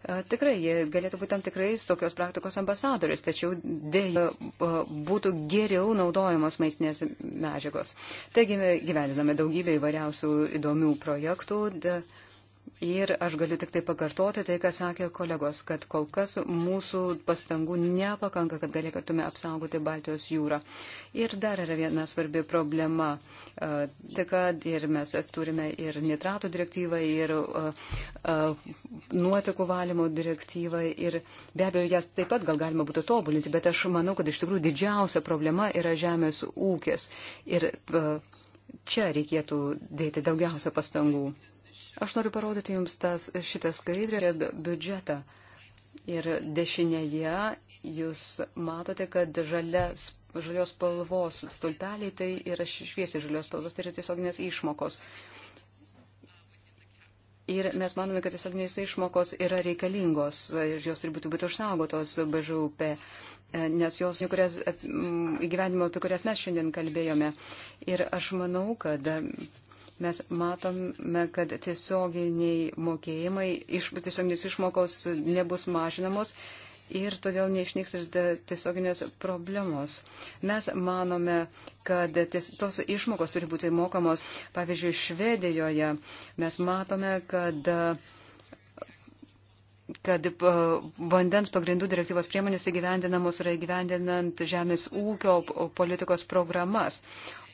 E, tikrai, jie galėtų būti tam tikrais tokios praktikos ambasadoriais, tačiau dėja e, būtų geriau naudojamos maistinės medžiagos. Taigi gyvendiname daugybę įvairiausių įdomių projektų. De, Ir aš galiu tik tai pakartoti tai, ką sakė kolegos, kad kol kas mūsų pastangų nepakanka, kad galėtume apsaugoti Baltijos jūrą. Ir dar yra viena svarbi problema. E, tai kad ir mes turime ir nitratų direktyvą, ir e, e, nuotekų valymo direktyvą, ir be abejo, jas taip pat gal galima būtų tobulinti, bet aš manau, kad iš tikrųjų didžiausia problema yra žemės ūkis. Ir čia reikėtų dėti daugiausia pastangų. Aš noriu parodyti Jums tas, šitą skaidrę biudžetą. Ir dešinėje Jūs matote, kad žalia, žalios spalvos stulpeliai tai yra šviesiai žalios spalvos, tai yra tiesioginės išmokos. Ir mes manome, kad tiesioginės išmokos yra reikalingos ir jos turi būti, būti užsaugotos BŽUP, e, nes jos įgyvenimo, apie kurias mes šiandien kalbėjome. Ir aš manau, kad mes matome, kad tiesioginiai mokėjimai, iš, tiesioginės išmokos nebus mažinamos ir todėl neišnyks ir tiesioginės problemos. Mes manome, kad ties, tos išmokos turi būti mokamos. Pavyzdžiui, Švedijoje mes matome, kad kad e, vandens pagrindų direktyvos priemonės įgyvendinamos yra įgyvendinant žemės ūkio politikos programas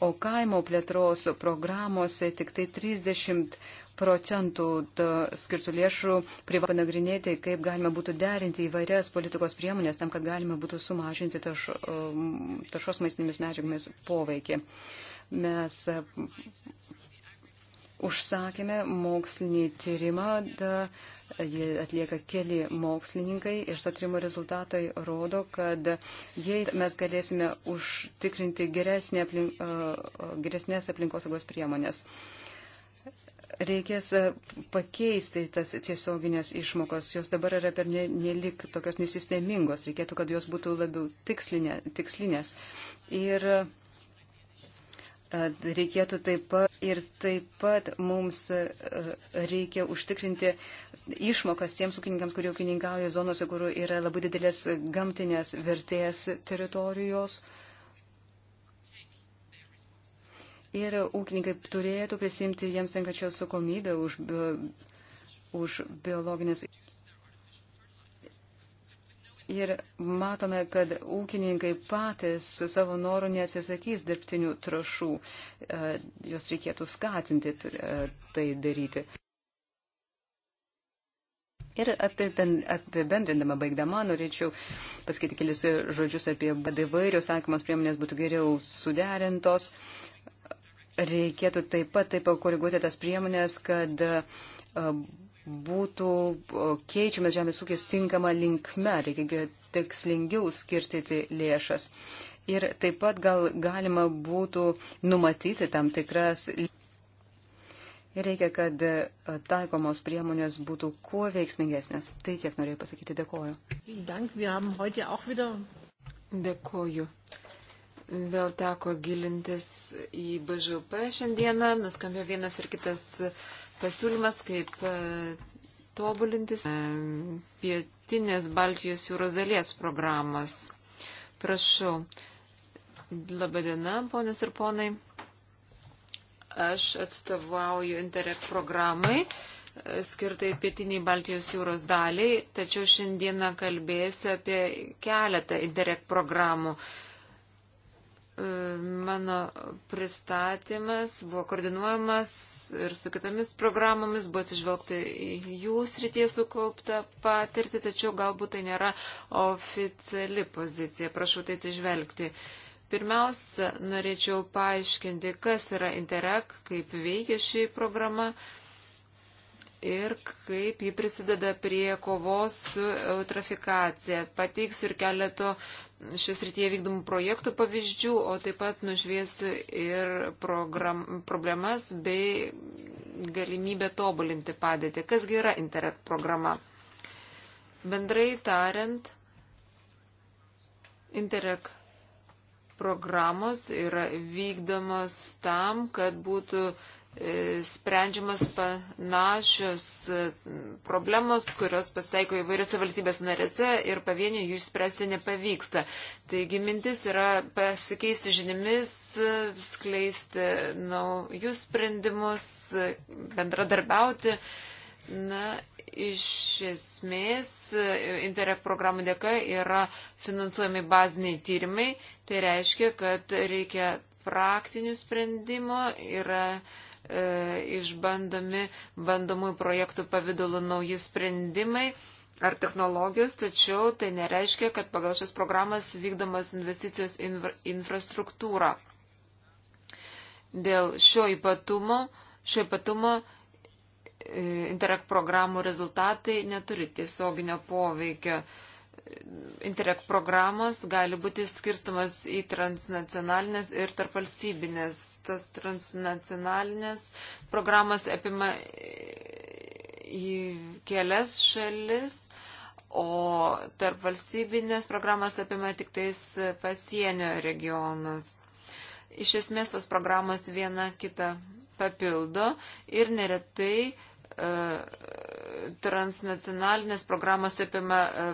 o kaimo plėtros programuose tik tai 30 procentų skirtų lėšų privalo panagrinėti, kaip galima būtų derinti įvairias politikos priemonės tam, kad galima būtų sumažinti taš, um, taršos maistinėmis medžiagomis poveikį. Mes užsakėme mokslinį tyrimą, da, jį atlieka keli mokslininkai ir to tyrimo rezultatai rodo, kad jei mes galėsime užtikrinti geresnė aplink, geresnės aplinkosaugos priemonės. Reikės pakeisti tas tiesioginės išmokos, jos dabar yra per nelik tokios nesistemingos, reikėtų, kad jos būtų labiau tikslinė, tikslinės. Ir Reikėtų taip pat ir taip pat mums e, reikia užtikrinti išmokas tiems ūkininkams, kurie ūkininkauja zonose, kur yra labai didelės gamtinės vertės teritorijos. Ir ūkininkai turėtų prisimti jiems tenkačią atsakomybę už, už biologinės Ir matome, kad ūkininkai patys savo norų nesisakys dirbtinių trašų. E, jos reikėtų skatinti e, tai daryti. Ir apibendrindama, baigdama, norėčiau pasakyti kelis žodžius apie, kad įvairios taikomos priemonės būtų geriau suderintos. Reikėtų taip pat taip pakoreguoti tas priemonės, kad uh, būtų keičiamas žemės ūkis tinkama linkme, reikia tikslingiau skirtyti lėšas. Ir taip pat gal galima būtų numatyti tam tikras. Ir reikia, kad e, taikomos priemonės būtų kuo veiksmingesnės. Tai tiek norėjau pasakyti. Dėkoju. Dėkoju. Vėl teko gilintis į BŽP šiandieną, nuskambėjo vienas ir kitas pasiūlymas, kaip e, tobulintis e, pietinės Baltijos jūros dalies programos. Prašau. Labadiena, ponės ir ponai. Aš atstovauju Interreg programai e, skirtai pietiniai Baltijos jūros daliai, tačiau šiandieną kalbėsiu apie keletą Interreg programų. Uh, E, mano pristatymas buvo koordinuojamas ir su kitomis programomis, buvo atsižvelgta į jų srities sukauptą patirtį, tačiau galbūt tai nėra oficiali pozicija. Prašau tai atsižvelgti. Pirmiausia, norėčiau paaiškinti, kas yra Interreg, kaip veikia ši programa ir kaip ji prisideda prie kovos su eutrafikacija. Pateiksiu ir keletų šios rytyje vykdomų projektų pavyzdžių, o taip pat nužviesiu ir program, problemas bei galimybę tobulinti padėtį. Kasgi yra Interreg programa? Bendrai tariant, Interreg programos yra vykdomos tam, kad būtų uh, E, sprendžiamas panašios e, problemos, kurios pasitaiko įvairiose valstybės narėse ir pavienių jų išspręsti nepavyksta. Taigi mintis yra pasikeisti žinimis, e, skleisti naujus sprendimus, bendradarbiauti. Na, iš esmės Interreg programų dėka yra finansuojami baziniai tyrimai. Tai reiškia, kad reikia praktinių sprendimų, yra uh, E, išbandomi bandomųjų projektų pavydalu nauji sprendimai ar technologijos, tačiau tai nereiškia, kad pagal šias programas vykdomas investicijos infra infrastruktūra. Dėl šio ypatumo, šio ypatumo e, Interreg programų rezultatai neturi tiesioginio poveikio. Interreg programos gali būti skirstamas į transnacionalinės ir tarpvalstybinės. Tas transnacionalinės programos apima į kelias šalis, o tarpvalstybinės programos apima tik tais pasienio regionus. Iš esmės tos programos viena kitą papildo ir neretai uh, transnacionalinės programos apima e,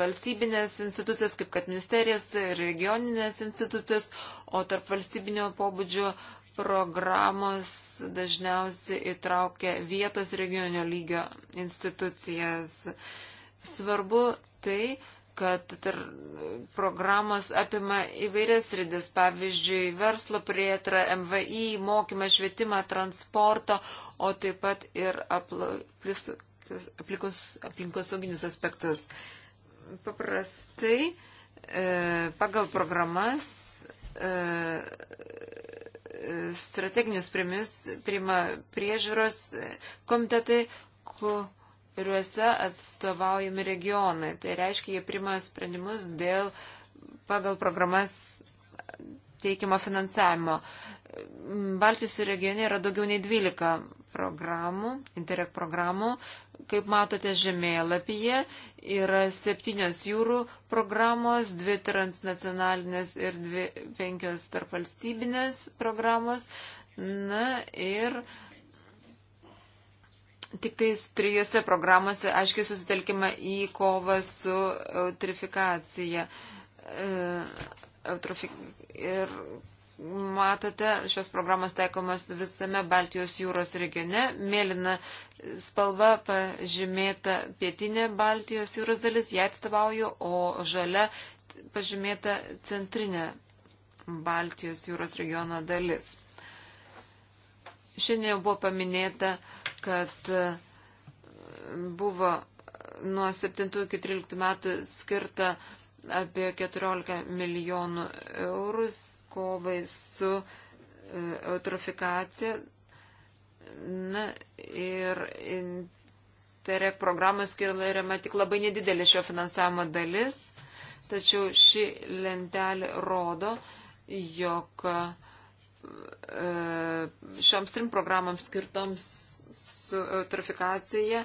valstybinės institucijas, kaip kad ministerijas ir regioninės institucijas, o tarp valstybinio pobūdžio programos dažniausiai įtraukia vietos regioninio lygio institucijas. Svarbu tai, kad programos apima įvairias rydis, pavyzdžiui, verslo prietra, MVI, mokymą, švietimą, transporto, o taip pat ir aplinkosauginis aspektas. Paprastai e, pagal programas e, strateginius primis priima priežiūros e, komitetai, ku, e, kuriuose atstovaujami regionai. Tai reiškia, jie prima sprendimus dėl pagal programas teikimo finansavimo. Baltijos regione yra daugiau nei 12 programų, interreg programų. Kaip matote žemėlapyje, yra septynios jūrų programos, dvi transnacionalinės ir dvi, penkios tarpvalstybinės programos. Na ir uh, Tik tais trijose programuose aiškiai susitelkime į kovą su eutrifikacija. E, eutrofik... Ir matote, šios programos taikomas visame Baltijos jūros regione. Mėlyna spalva pažymėta pietinė Baltijos jūros dalis, ją atstovauju, o žalia pažymėta centrinė Baltijos jūros regiono dalis. Šiandien buvo paminėta uh, kad e, buvo nuo 7 iki 13 metų skirta apie 14 milijonų eurus kovai su e, eutrofikacija. Na ir TEREK programos skiriama tik labai nedidelė šio finansavimo dalis, tačiau ši lentelė rodo, jog e, šioms trim programams skirtoms eutrofikacija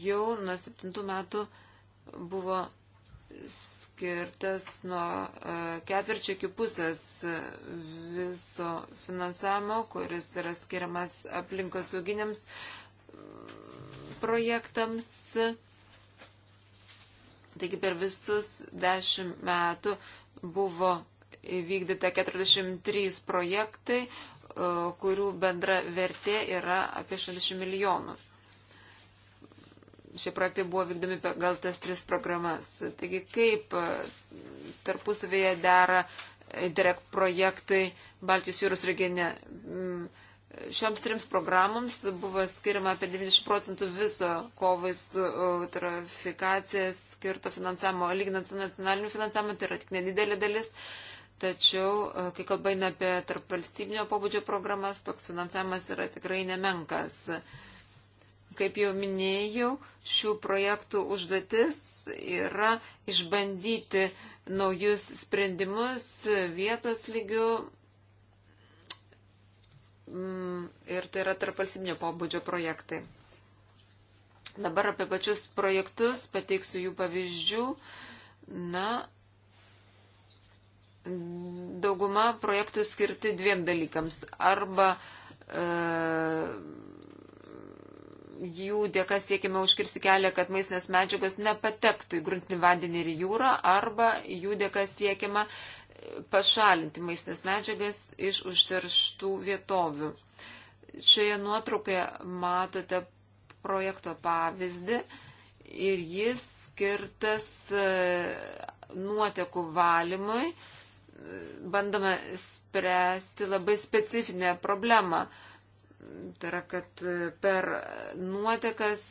jau nuo 7 metų buvo skirtas nuo e, ketvirčio iki pusės e, viso finansavimo, kuris yra skiriamas aplinkosauginiams mm, projektams. Taigi per visus dešimt metų buvo įvykdyta 43 projektai, E, kurių bendra vertė yra apie 60 milijonų. Šie projektai buvo vykdomi gal tas tris programas. Taigi kaip e, tarpusavėje dera direkt projektai Baltijos jūros regione. Mm, šioms trims programoms buvo skiriama apie 90 procentų viso kovai su trafikacija skirto finansavimo, lyginant su nacionaliniu finansavimu, tai yra tik nedidelė dalis. Uh, Tačiau, e, kai kalba eina apie tarp valstybinio pobūdžio programas, toks finansavimas yra tikrai nemenkas. Kaip jau minėjau, šių projektų užduotis yra išbandyti naujus sprendimus vietos lygių mm, ir tai yra tarp valstybinio pobūdžio projektai. Dabar apie pačius projektus pateiksiu jų pavyzdžių. Na, dauguma projektų skirti dviem dalykams. Arba e, jų dėka siekime užkirsti kelią, kad maistinės medžiagos nepatektų į gruntinį vandenį ir jūrą, arba jų dėka siekime pašalinti maistinės medžiagas iš užterštų vietovių. Šioje nuotraukoje matote projekto pavyzdį ir jis skirtas e, nuotekų valymui bandoma spręsti labai specifinę problemą. Tai yra, kad per nuotekas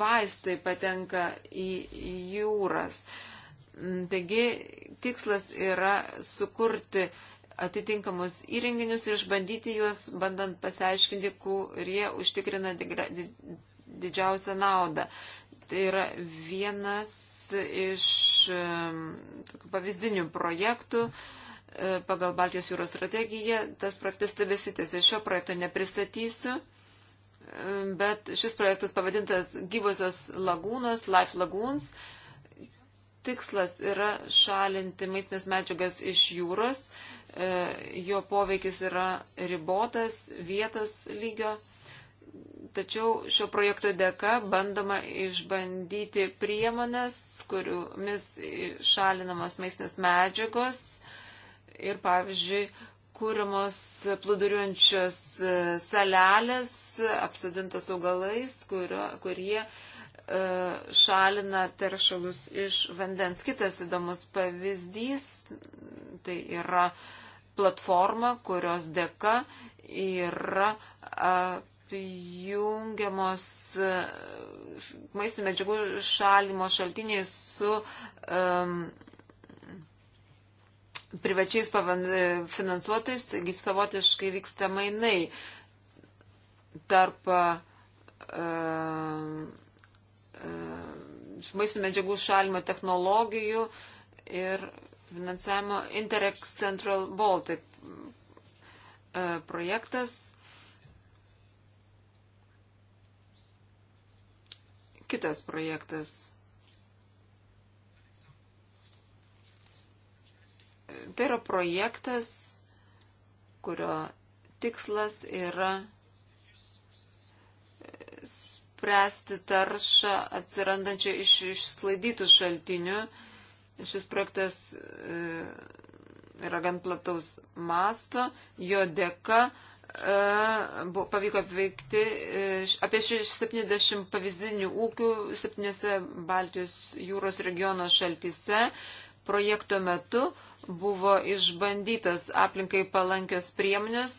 vaistai patenka į jūras. Taigi tikslas yra sukurti atitinkamus įrenginius ir išbandyti juos, bandant pasiaiškinti, kurie užtikrina didžiausią naudą. Tai yra vienas iš pavyzdinių projektų e, pagal Baltijos jūros strategiją. Tas projektas tebesitėsi. Šio projekto nepristatysiu, bet šis projektas pavadintas gyvosios lagūnos, Life Lagoons. Tikslas yra šalinti maistinės medžiagas iš jūros. E, jo poveikis yra ribotas vietos lygio Tačiau šio projekto dėka bandoma išbandyti priemonės, kuriomis šalinamos maistinės medžiagos ir, pavyzdžiui, kūrimos plūduriuojančios e, salelės apsodintos augalais, kurio, kurie e, šalina teršalus iš vandens. Kitas įdomus pavyzdys tai yra platforma, kurios dėka yra jungiamos e, maisto medžiagų šalimo šaltiniai su um, privačiais e, finansuotais, taigi savotiškai vyksta mainai tarp um, e, maisto medžiagų šalimo technologijų ir finansavimo Interreg Central Baltic projektas kitas projektas. Tai yra projektas, kurio tikslas yra spręsti taršą atsirandančią iš išslaidytų šaltinių. Šis projektas e, yra gan plataus masto, jo dėka e, E, pavyko apveikti e, apie 70 pavyzdinių ūkių 7 Baltijos jūros regiono šaltise. Projekto metu buvo išbandytas aplinkai palankios priemonės,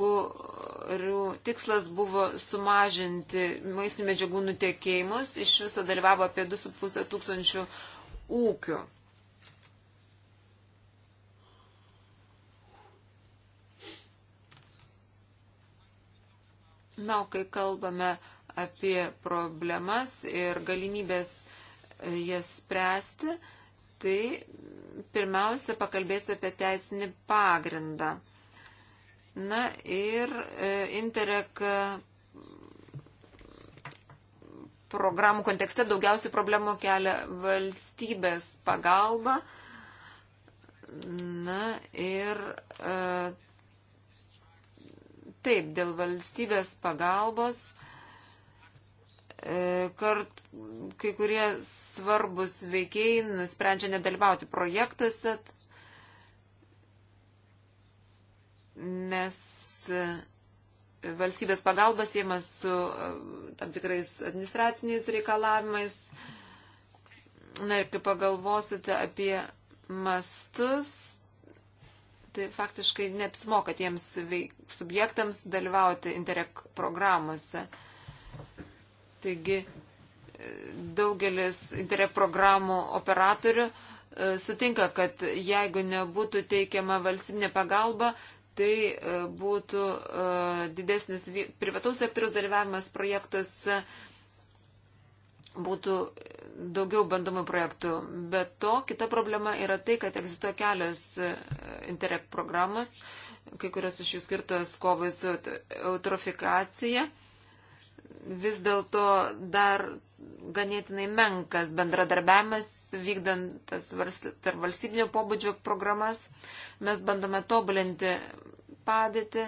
kurių tikslas buvo sumažinti maistinių medžiagų nutekėjimus. Iš viso dalyvavo apie 2,5 tūkstančių ūkių. Na, o kai kalbame apie problemas ir galimybės e, jas spręsti, tai pirmiausia pakalbėsiu apie teisinį pagrindą. Na ir e, Interreg programų kontekste daugiausiai problemų kelia valstybės pagalba. Na ir e, Taip, dėl valstybės pagalbos e, kart kai kurie svarbus veikiai nusprendžia nedalyvauti projektuose, nes e, valstybės pagalba siemas su e, tam tikrais administraciniais reikalavimais. Na ir kai pagalvosite apie mastus, tai faktiškai neapsimoka tiems subjektams dalyvauti Interreg programuose. Taigi e, daugelis Interreg programų operatorių e, sutinka, kad jeigu nebūtų teikiama valstybinė pagalba, tai e, būtų didesnis privataus sektoriaus dalyvavimas projektuose, būtų daugiau bandomų projektų. Bet to kita problema yra tai, kad egzistuoja kelios e, Interreg programos, kai kurios iš jų skirtos kovai su eutrofikacija. Vis dėlto dar ganėtinai menkas bendradarbiavimas vykdant tas tarp valstybinio pobūdžio programas. Mes bandome tobulinti padėtį,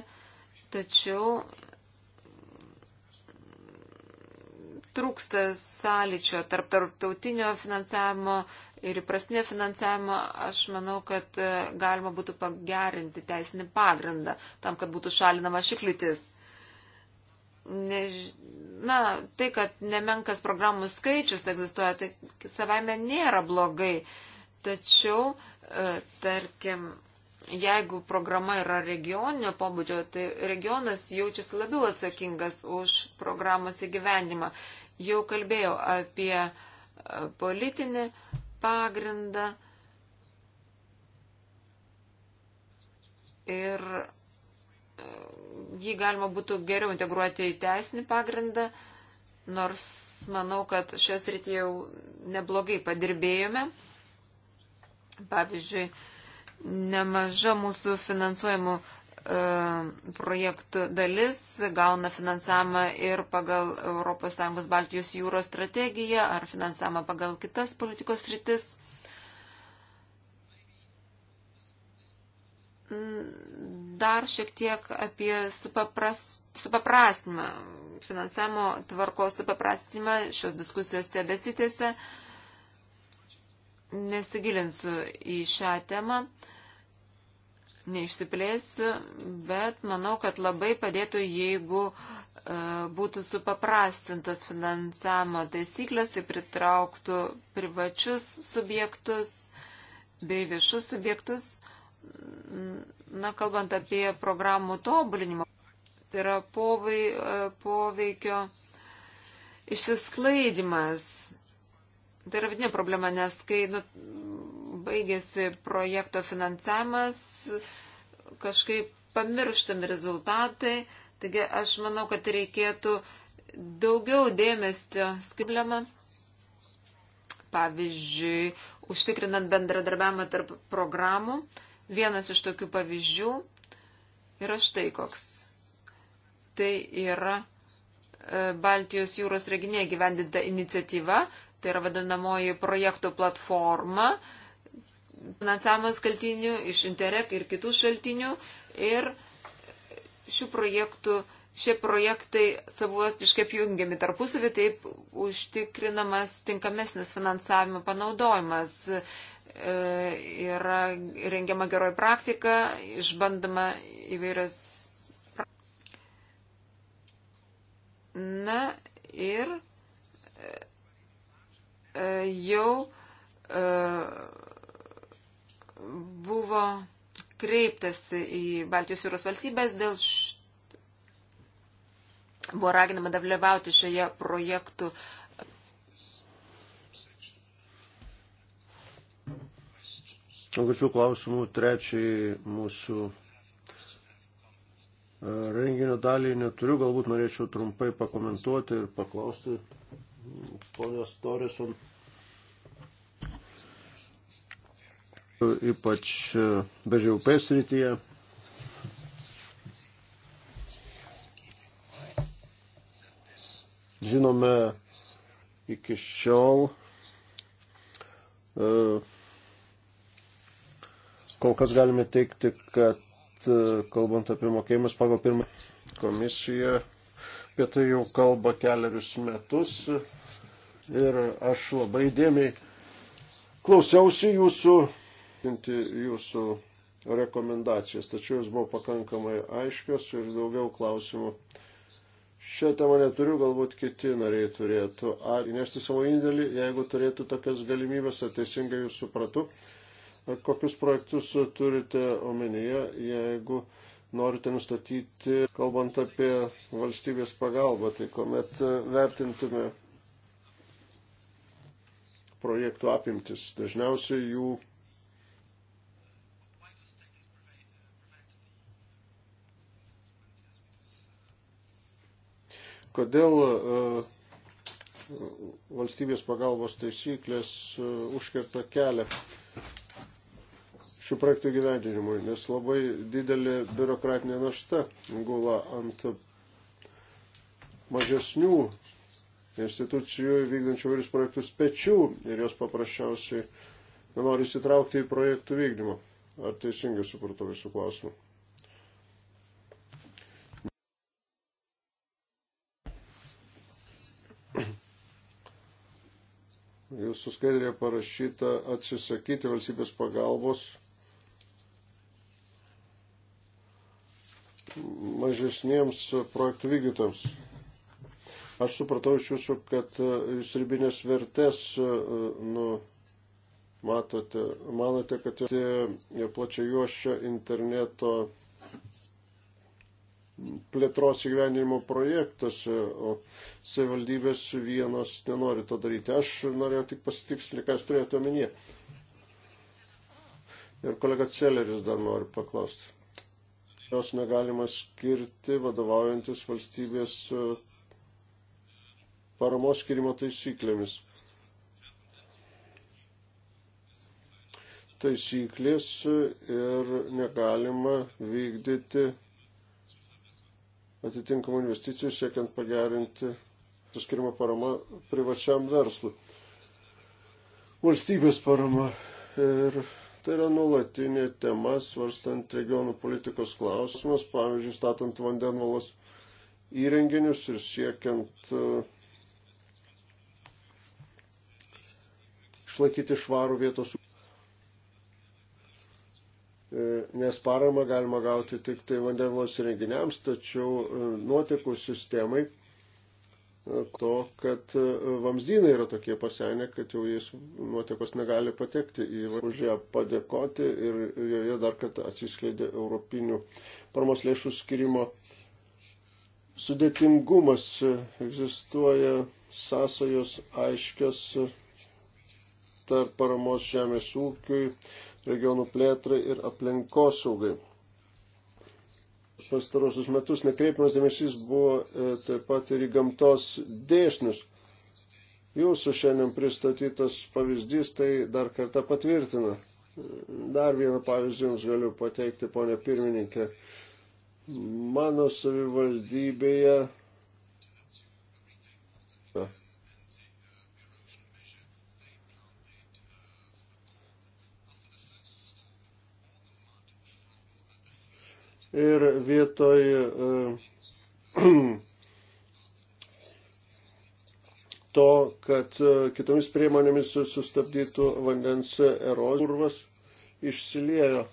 tačiau trūksta sąlyčio tarp tarptautinio finansavimo ir įprastinio finansavimo. Aš manau, kad e, galima būtų pagerinti teisinį pagrindą tam, kad būtų šalinama šikliutis. Než... Na, tai, kad nemenkas programų skaičius egzistuoja, tai savaime nėra blogai. Tačiau, e, tarkim, jeigu programa yra regioninio pobūdžio, tai regionas jaučiasi labiau atsakingas už programos įgyvendimą. Jau kalbėjau apie e, politinį pagrindą ir e, jį galima būtų geriau integruoti į teisinį pagrindą, nors manau, kad šios rytį jau neblogai padirbėjome. Pavyzdžiui, nemaža mūsų finansuojamų E, projektų dalis gauna finansavimą ir pagal ES Baltijos jūros strategiją ar finansavimą pagal kitas politikos rytis. Dar šiek tiek apie supapras, supaprastimą, finansavimo tvarkos supaprastimą, šios diskusijos tebesitėse. Nesigilinsiu į šią temą. Uh, neišsiplėsiu, bet manau, kad labai padėtų, jeigu e, būtų supaprastintos finansavimo taisyklės, tai pritrauktų privačius subjektus bei viešus subjektus. Na, kalbant apie programų tobulinimą, tai yra povai, e, poveikio išsisklaidimas. Tai yra vidinė problema, nes kai nu, baigėsi projekto finansavimas, kažkaip pamirštami rezultatai. Taigi aš manau, kad reikėtų daugiau dėmesio skibliama. Pavyzdžiui, užtikrinant bendradarbiavimą tarp programų. Vienas iš tokių pavyzdžių yra štai koks. Tai yra e, Baltijos jūros reginėje gyvendinta iniciatyva, tai yra vadinamoji projektų platforma, finansavimo skaltinių, iš Interreg ir kitų šaltinių. Ir šių projektų, šie projektai savotiškai apjungiami tarpusavį, taip užtikrinamas tinkamesnis finansavimo panaudojimas. E, yra rengiama geroji praktika, išbandama įvairias. Na ir e, e, jau buvo kreiptasi į Baltijos jūros valstybės dėl š... buvo raginama dalyvauti šioje projektų Konkrečių klausimų trečiai mūsų e, renginio dalį neturiu, galbūt norėčiau trumpai pakomentuoti ir paklausti ponios Torison. ypač e, BŽUP srityje. Žinome, iki šiol e, kol kas galime teikti, kad e, kalbant apie mokėjimus pagal pirmą komisiją, apie tai jau kalba keliarius metus ir aš labai dėmiai klausiausi jūsų išryškinti jūsų rekomendacijas, tačiau jis buvo pakankamai aiškios ir daugiau klausimų. Šią temą neturiu, galbūt kiti nariai turėtų įnešti savo indėlį, jeigu turėtų tokias galimybės, ar teisingai jūs supratau, ar kokius projektus turite omenyje, jeigu norite nustatyti, kalbant apie valstybės pagalbą, tai kuomet vertintume projektų apimtis. Dažniausiai jų Kodėl e, valstybės pagalbos taisyklės e, užkerta kelią šių projektų gyvendinimui, nes labai didelė biurokratinė našta gula ant mažesnių institucijų vykdančių vairius projektus pečių ir jos paprasčiausiai nenori įsitraukti į projektų vykdymą. Ar teisingai supratau visų klausimų? su skaidrė parašyta atsisakyti valstybės pagalbos mažesniems projektų vykdytams. Aš supratau iš jūsų, kad e, jūs ribinės vertės e, nu, matote, manote, kad tie plačiajuošio interneto plėtros įgyvendinimo projektuose, o savivaldybės vienos nenori to daryti. Aš norėjau tik pasitikslinti, ką jūs turėjote omenyje. Ir kolega Celeris dar nori paklausti. Jos negalima skirti vadovaujantis valstybės e, paramos skirimo taisyklėmis. Taisyklės e, ir negalima vykdyti atitinkamų investicijų siekiant pagerinti skirimo parama privačiam verslui. Valstybės parama. Ir tai yra nulatinė tema, svarstant regionų politikos klausimus, pavyzdžiui, statant vandenvalos įrenginius ir siekiant e, išlaikyti švarų vietos E, nes paramą galima gauti tik tai vandenvos renginiams, tačiau e, nuotekų sistemai e, to, kad vamzdynai yra tokie pasenę, kad jau jais nuotekos negali patekti. Į už ją padėkoti ir joje dar kartą atsiskleidė europinių paramos lėšų skirimo sudėtingumas. Egzistuoja sąsajos aiškios tarp paramos žemės ūkiui, regionų plėtrai ir aplinkosaugai. Pastarosius metus nekreipimas dėmesys buvo e, taip pat ir į gamtos dėsnius. Jūsų šiandien pristatytas pavyzdys tai dar kartą patvirtina. Dar vieną pavyzdį jums galiu pateikti, ponė pirmininkė. Mano savivaldybėje ir vietoj e, to, kad e, kitomis priemonėmis sustabdytų vandens erozijos kurvas, išsiliejo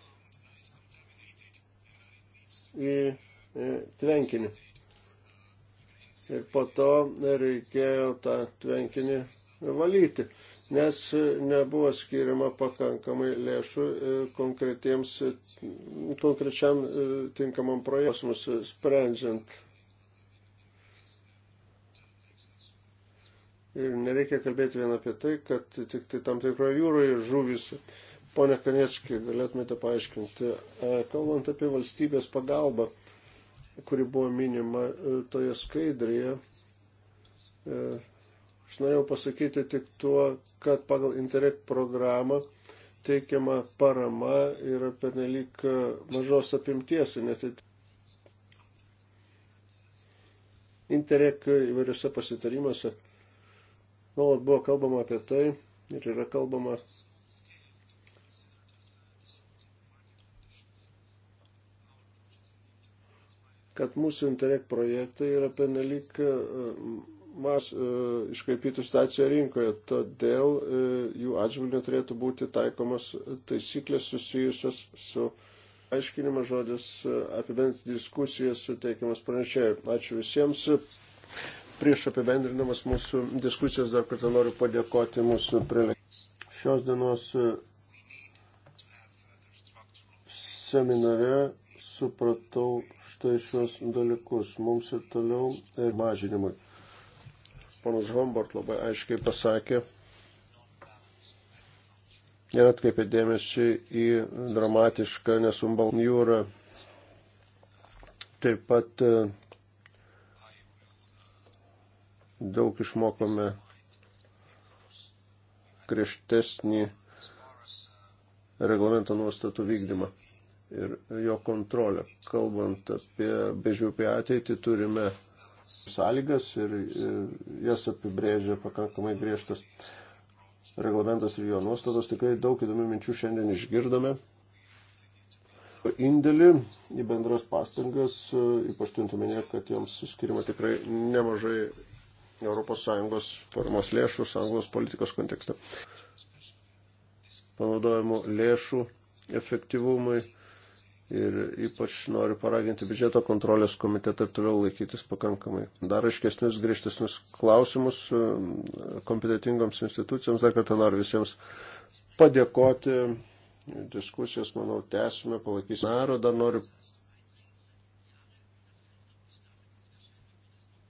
į e, tvenkinį. Ir po to reikėjo tą tvenkinį valyti nes nebuvo skiriama pakankamai lėšų e, e, konkrečiam e, tinkamam projektams sprendžiant. Ir nereikia kalbėti vien apie tai, kad tik tai tam tikroje jūroje žuvis. Pone Kaniečkai, galėtumėte paaiškinti, kalbant apie valstybės pagalbą, kuri buvo minima toje skaidrėje, Aš norėjau pasakyti tik tuo, kad pagal Interreg programą teikiama parama yra pernelyg e, mažos apimties. Interreg įvairiose pasitarimuose nuolat buvo kalbama apie tai ir yra kalbama kad mūsų Interreg projektai yra pernelyg e, mas, e, iškaipytų situaciją rinkoje. Todėl e, jų atžvilgiu turėtų būti taikomas taisyklės susijusios su aiškinimas žodis e, apibendrinti diskusijas suteikiamas pranešėjai. Ačiū visiems. Prieš apibendrinamas mūsų diskusijas dar kartą noriu padėkoti mūsų prelektams. Šios dienos seminare supratau štai šios dalykus mums ir toliau ir mažinimui ponas Hombart labai aiškiai pasakė ir atkreipė dėmesį į dramatišką nesumbal jūrą. Taip pat e, daug išmokome griežtesnį reglamento nuostatų vykdymą ir jo kontrolę. Kalbant apie bežių apie ateitį, turime sąlygas ir jas apibrėžia pakankamai griežtas reglamentas ir jo nuostatos. Tikrai daug įdomių minčių šiandien išgirdome. Indėlį į bendras pastangas, ypač turintuminė, kad joms skirima tikrai nemažai ES paramos lėšų, sąjungos politikos kontekste. Panaudojimo lėšų efektyvumui Ir ypač noriu paraginti biudžeto kontrolės komitetą toliau laikytis pakankamai dar aiškesnius, grįžtesnius klausimus e, kompetitingoms institucijoms. Dar kartą noriu visiems padėkoti. Diskusijas, manau, tęsime, palaikysime. Naro, dar noriu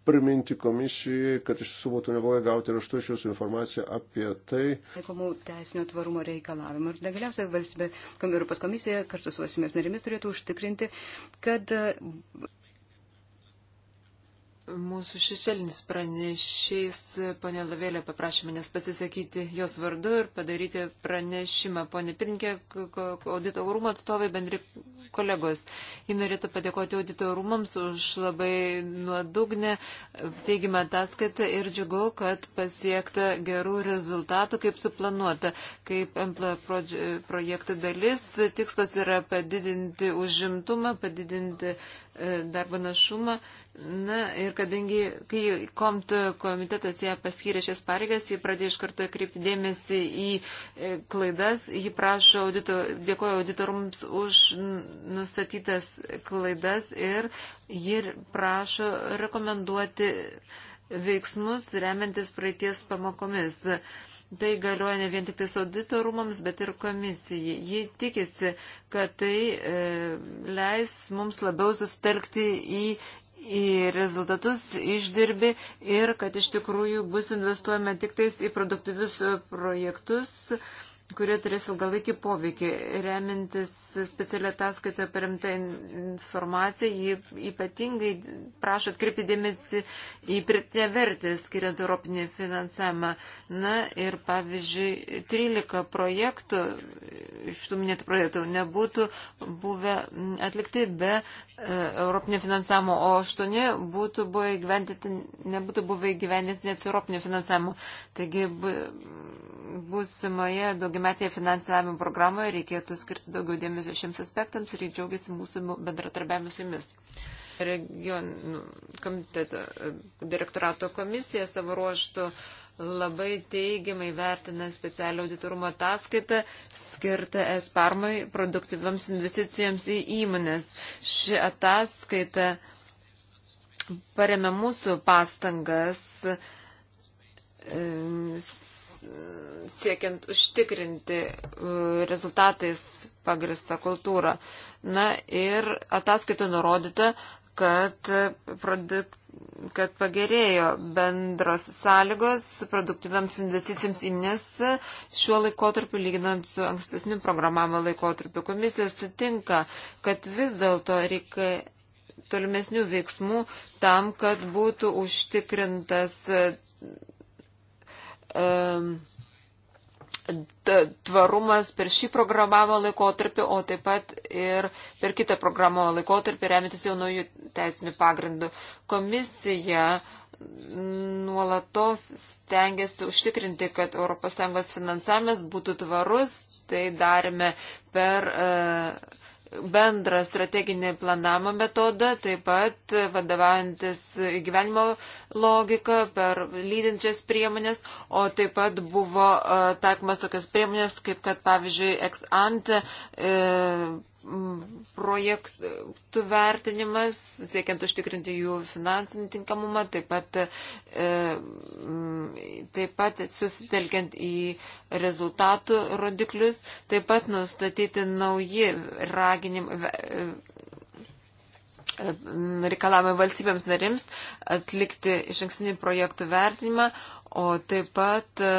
priminti komisijai, kad iš tiesų būtų neblogai gauti raštu iš jūsų informaciją apie tai. Laikomų teisinio tvarumo reikalavimų. Ir galiausiai valstybė, Europos komisija kartu su valstybės narėmis turėtų užtikrinti, kad Mūsų šešėlinis pranešys, ponė Lavėlė, paprašė manęs pasisakyti jos vardu ir padaryti pranešimą. Pone Pirinkė, audito rūmų atstovai, bendri kolegos. Ji norėtų padėkoti audito rūmams už labai nuodugnę teigimą ataskaitą ir džiugu, kad pasiekta gerų rezultatų, kaip suplanuota. Kaip MPLA projektų dalis, tikslas yra padidinti užimtumą, padidinti e, darbo našumą. Na ir kadangi, kai KOMT komitetas ją paskyrė šias pareigas, jie pradėjo iš karto kreipti dėmesį į e, klaidas. Ji prašo audito, dėkoja auditorums už nustatytas klaidas ir ji prašo rekomenduoti veiksmus remiantis praeities pamokomis. Tai galioja ne vien tik tais auditorumams, bet ir komisijai. Ji tikisi, kad tai e, leis mums labiau sustelkti į rezultatus išdirbi ir kad iš tikrųjų bus investuojama tik tais į produktyvius projektus, kurie turės ilgalaikį poveikį. Remintis specialią ataskaitą paremta informacija, jį ypatingai prašo atkreipti dėmesį į pritinę vertę, skiriant europinį finansavimą. Na ir pavyzdžiui, 13 projektų, iš tų minėtų projektų, nebūtų buvę atlikti be e, europinio finansavimo, o 8 būtų buvę įgyvendinti, nebūtų buvę įgyvendinti net su europinio finansavimo. Taigi, būsimoje daugiametėje finansavimo programoje reikėtų skirti daugiau dėmesio šiems aspektams ir džiaugiasi mūsų bendratarbiavimu su jumis. Regionų komiteto e, direktorato komisija savo ruoštų labai teigiamai vertina specialią auditorumo ataskaitą skirtą esparmai produktyviams investicijoms į įmonės. Ši ataskaita paremia mūsų pastangas e, siekiant užtikrinti e, rezultatais pagristą kultūrą. Na ir ataskaita nurodyta, kad, produk, kad pagerėjo bendros sąlygos produktyviams investicijoms įmonėse šiuo laikotarpiu lyginant su ankstesniu programavimo laikotarpiu. Komisija sutinka, kad vis dėlto reikia tolimesnių veiksmų tam, kad būtų užtikrintas tvarumas per šį programavimo laikotarpį, o taip pat ir per kitą programavimo laikotarpį remintis jau naujų teisinių pagrindų. Komisija nuolatos stengiasi užtikrinti, kad ES finansavimas būtų tvarus, tai darėme per uh, bendrą strateginį planavimo metodą, taip pat vadovaujantis gyvenimo logiką per lydinčias priemonės, o taip pat buvo e, taikomas tokias priemonės, kaip kad pavyzdžiui ex ante e, projektų vertinimas, siekiant užtikrinti jų finansinį tinkamumą, taip pat, e, taip pat susitelkiant į rezultatų rodiklius, taip pat nustatyti nauji raginim, e, reikalavimai valstybėms narims atlikti iš ankstinį projektų vertinimą, o taip pat e,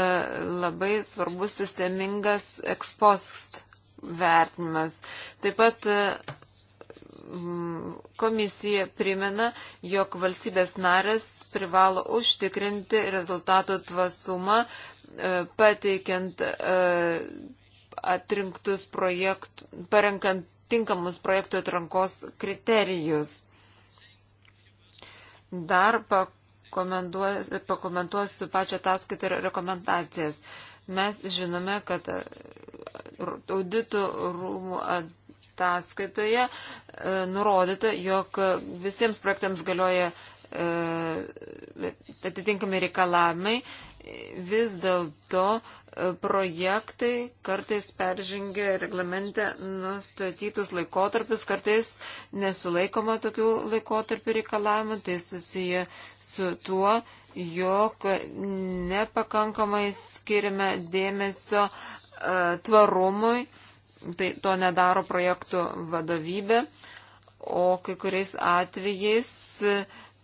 labai svarbus sistemingas ekspost vertinimas. Taip pat e, komisija primena, jog valstybės narės privalo užtikrinti rezultatų tvasumą, e, pateikiant e, atrinktus projektų, parenkant tinkamus projektų atrankos kriterijus. Dar pakomentuosiu pačią ataskaitą ir rekomendacijas. Mes žinome, kad auditų rūmų ataskaitoje e, nurodyta, jog visiems projektams galioja e, atitinkami reikalavimai, vis dėlto e, projektai kartais peržengia reglamente nustatytus laikotarpius, kartais nesulaikoma tokių laikotarpių reikalavimų, tai susiję su tuo, jog nepakankamai skirime dėmesio E, tvarumui, tai to nedaro projektų vadovybė, o kai kuriais atvejais,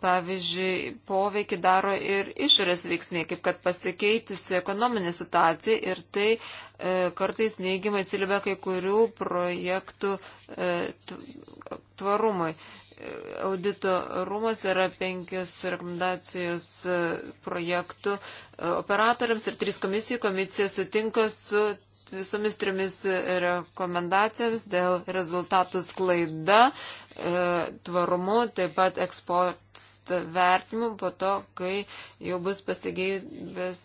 pavyzdžiui, poveikį daro ir išorės veiksniai, kaip kad pasikeitusi ekonominė situacija ir tai e, kartais neigiamai atsiliepia kai kurių projektų e, tvarumui. E, audito rūmos yra penkios rekomendacijos e, projektų e, operatoriams ir trys komisijų. Komisija sutinka su visomis trimis rekomendacijomis dėl rezultatų sklaida, e, tvarumu, taip pat eksport vertinimu po to, kai jau bus pasigėjus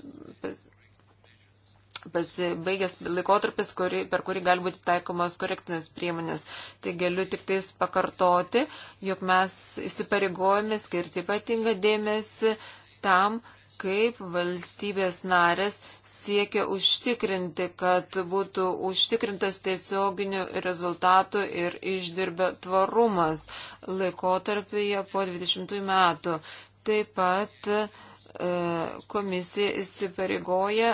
pasibaigęs laikotarpis, kuri, per kurį gali būti taikomos korektinės priemonės. Tai galiu tik tais pakartoti, jog mes įsipareigojame skirti ypatingą dėmesį tam, kaip valstybės narės siekia užtikrinti, kad būtų užtikrintas tiesioginių rezultatų ir išdirbio tvarumas laikotarpyje po 20 metų. Taip pat E, komisija įsipareigoja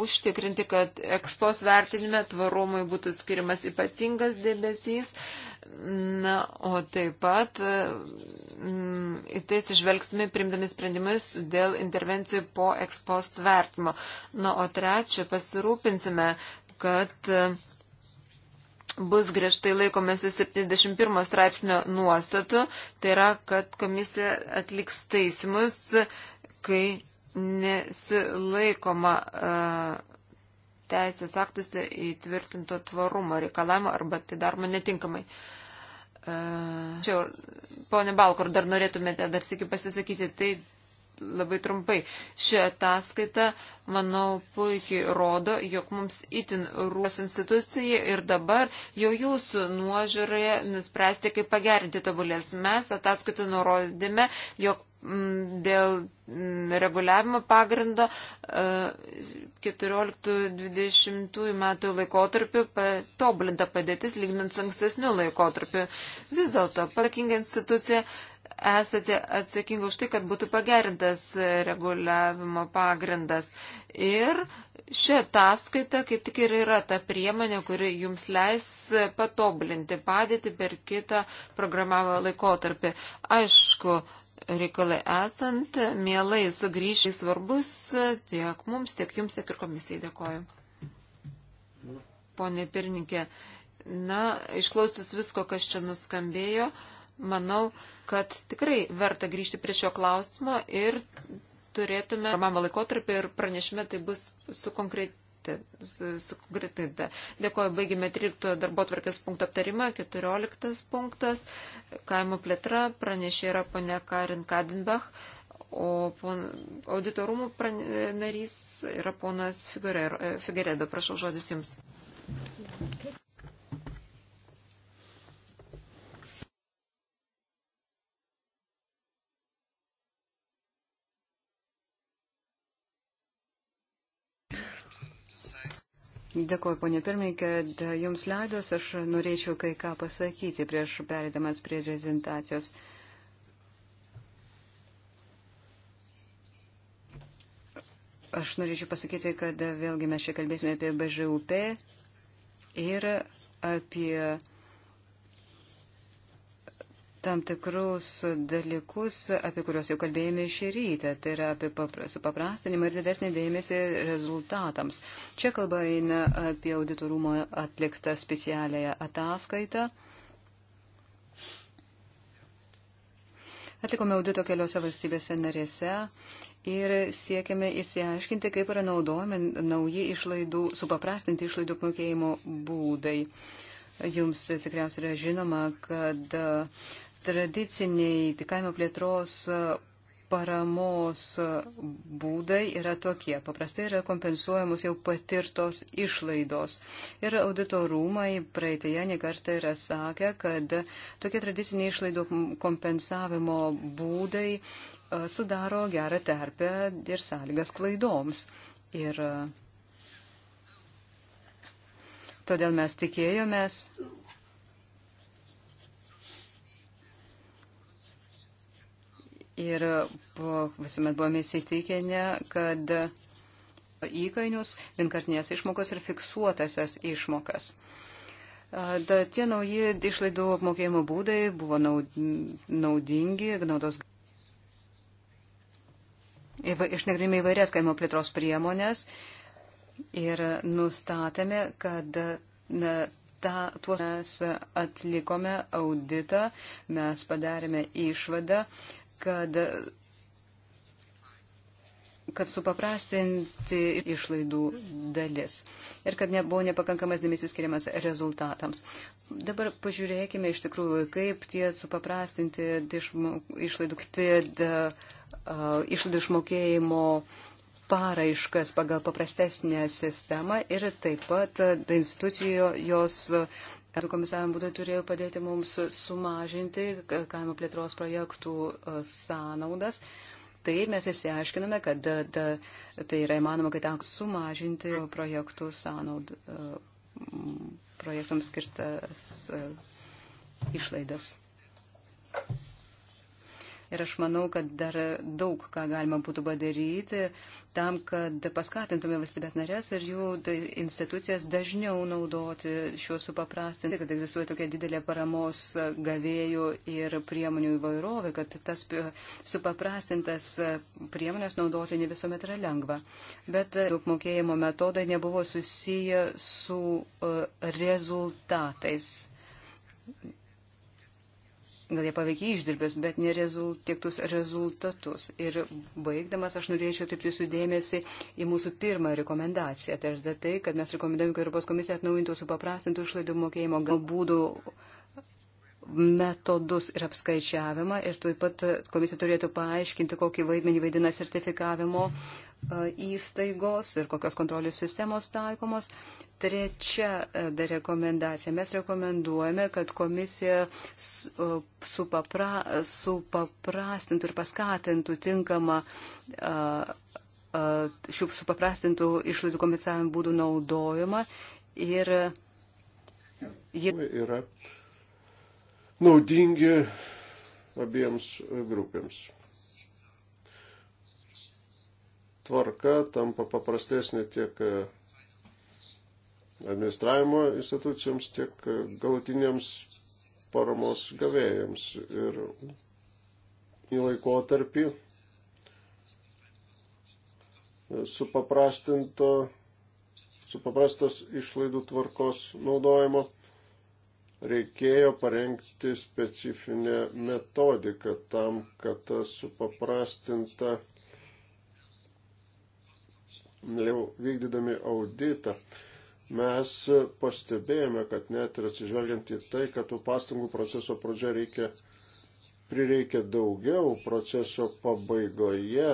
užtikrinti, kad ekspos vertinime tvarumui būtų skirimas ypatingas dėmesys. Na, o taip pat e, m, į tai atsižvelgsime primdami sprendimus dėl intervencijų po ekspost vertimo. Na, o trečia, pasirūpinsime, kad e, bus griežtai laikomasi 71 straipsnio nuostatų, tai yra, kad komisija atliks taisimus kai nesilaikoma e, teisės aktuose įtvirtinto tvarumo reikalavimo arba tai daroma netinkamai. E, čia, ponė Balkur, dar norėtumėte dar sėki pasisakyti, tai labai trumpai. Ši ataskaita, manau, puikiai rodo, jog mums itin rūs institucija ir dabar jau jūsų nuožiūroje nuspręsti, kaip pagerinti tobulės. Mes ataskaitą nurodėme, jog dėl reguliavimo pagrindo 14-20 e, metų laikotarpiu tobulinta padėtis lygnant su ankstesniu laikotarpiu. Vis dėlto, pakinga institucija, esate atsakingi už tai, kad būtų pagerintas reguliavimo pagrindas. Ir ši ataskaita kaip tik ir yra ta priemonė, kuri jums leis patobulinti padėtį per kitą programavimo laikotarpį. Aišku, reikalai esant, mielai sugrįžti svarbus tiek mums, tiek jums, tiek ir komisijai dėkoju. Pone pirmininkė, na, išklausius visko, kas čia nuskambėjo, manau, kad tikrai verta grįžti prie šio klausimo ir turėtume, mano laikotarpį ir pranešime tai bus sukonkretinti sugritinta. Dėkoju, baigime 13 darbo tvarkės punktų aptarimą, 14 punktas, kaimo plėtra, pranešė yra ponia Karin Kadinbach, o pon, auditorumų pran, narys yra ponas Figueredo. Prašau žodis jums. Dėkuoju, ponė pirmininkė, jums leidus aš norėčiau kai ką pasakyti prieš perėdamas prie prezentacijos. Aš norėčiau pasakyti, kad vėlgi mes čia kalbėsime apie BŽUP ir apie tam tikrus dalykus, apie kuriuos jau kalbėjome šį rytą, tai yra apie supaprastinimą ir didesnį dėmesį rezultatams. Čia kalba eina apie auditorumo atliktą specialiąją ataskaitą. Atlikome audito keliose valstybėse narėse ir siekėme įsiaiškinti, kaip yra naudojami nauji išlaidų, supaprastinti išlaidų apmokėjimo būdai. Jums tikriausiai yra žinoma, kad uh, tradiciniai kaimo plėtros e, paramos e, būdai yra tokie. Paprastai yra kompensuojamos jau patirtos išlaidos. Ir auditorumai praeitėje nekartą yra sakę, kad tokie tradiciniai išlaidų kompensavimo būdai e, sudaro gerą terpę ir sąlygas klaidoms. Ir todėl mes tikėjomės, Ir buvo, visuomet buvome įsitikinę, kad įkainius, vienkartinės išmokas ir fiksuotasias išmokas. Da, tie nauji išlaidų apmokėjimo būdai buvo naudingi, naudos. Išnegrime įvairias kaimo plėtros priemonės ir nustatėme, kad na, ta, tuos mes atlikome auditą, mes padarėme išvadą, kad, kad supaprastinti išlaidų dalis ir kad nebuvo nepakankamas dėmesys skiriamas rezultatams. Dabar pažiūrėkime iš tikrųjų, kaip tie supaprastinti išlaidų, tie da, uh, išlaidų išmokėjimo paraiškas pagal paprastesnę sistemą ir taip pat institucijos Ir komisaram būdai turėjo padėti mums sumažinti kaimo plėtros projektų e, sąnaudas. Tai mes įsiaiškinome, kad da, da, tai yra įmanoma, kad tenks sumažinti projektų sąnaudų, e, projektams skirtas e, išlaidas. Ir aš manau, kad dar daug ką galima būtų padaryti, tam, kad paskatintume valstybės narės ir jų institucijas dažniau naudoti šiuos supaprastinti, kad egzistuoja tokia didelė paramos gavėjų ir priemonių įvairovė, kad tas supaprastintas priemonės naudoti ne visuomet yra lengva. Bet daug mokėjimo metodai nebuvo susiję su e, rezultatais gal jie paveikia išdirbės, bet ne rezultatus, rezultatus. Ir baigdamas aš norėčiau atkreipti sudėmėsi į mūsų pirmą rekomendaciją. Tai yra tai, kad mes rekomenduojame, kad Europos komisija atnaujintų supaprastintų išlaidų mokėjimo gal būdų metodus ir apskaičiavimą ir taip pat komisija turėtų paaiškinti, kokį vaidmenį vaidina sertifikavimo uh, E, įstaigos ir kokios kontrolės sistemos taikomos. Trečia e, rekomendacija. Mes rekomenduojame, kad komisija e, supapra, supaprastintų ir paskatintų tinkamą šių supaprastintų išlaidų kompensavimo būdų naudojimą ir jie yra naudingi abiems grupėms. tvarka tampa paprastesnė tiek e, administravimo institucijoms, tiek e, galutiniams paramos gavėjams. Ir į laikotarpį supaprastinto, supaprastos išlaidų tvarkos naudojimo reikėjo parengti specifinę metodiką tam, kad ta supaprastinta jau vykdydami auditą, mes pastebėjome, kad net ir atsižvelgiant į tai, kad tų pastangų proceso pradžia reikia, prireikia daugiau, proceso pabaigoje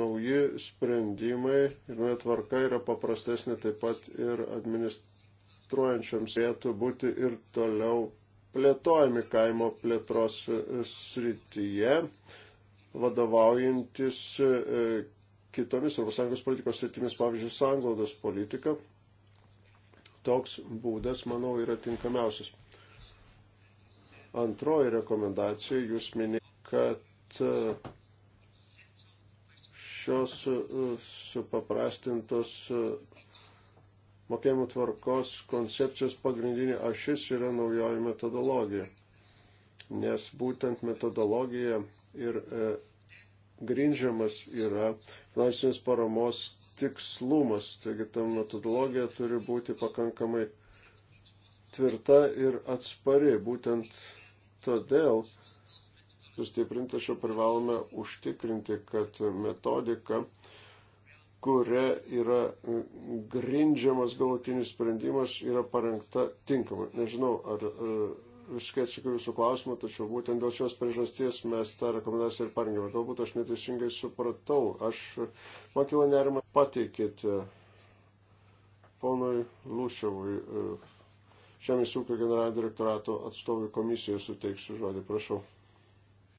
nauji sprendimai ir nauja tvarka yra paprastesnė taip pat ir administruojančioms vietų būti ir toliau plėtojami kaimo plėtros srityje, vadovaujantis kitomis ES politikos sritimis, pavyzdžiui, sanglaudos politika, toks būdas, manau, yra tinkamiausias. Antroji rekomendacija, jūs minėjote, kad e, šios e, supaprastintos e, mokėjimų tvarkos koncepcijos pagrindinė ašis yra naujoji metodologija, nes būtent metodologija ir grindžiamas yra finansinės paramos tikslumas. Taigi ta metodologija turi būti pakankamai tvirta ir atspari. Būtent todėl sustiprinti šio privalome užtikrinti, kad metodika, kuria yra grindžiamas galutinis sprendimas, yra parengta tinkamai. Nežinau, ar e, visiškai atsakiau jūsų klausimą, tačiau būtent dėl šios priežasties mes tą rekomendaciją ir parengėme. Galbūt aš neteisingai supratau. Aš, man kilo nerima, pateikėte ponui Lūšiavui, e, Žemės ūkio generalinio direktorato atstovui komisijai suteiksiu žodį, prašau.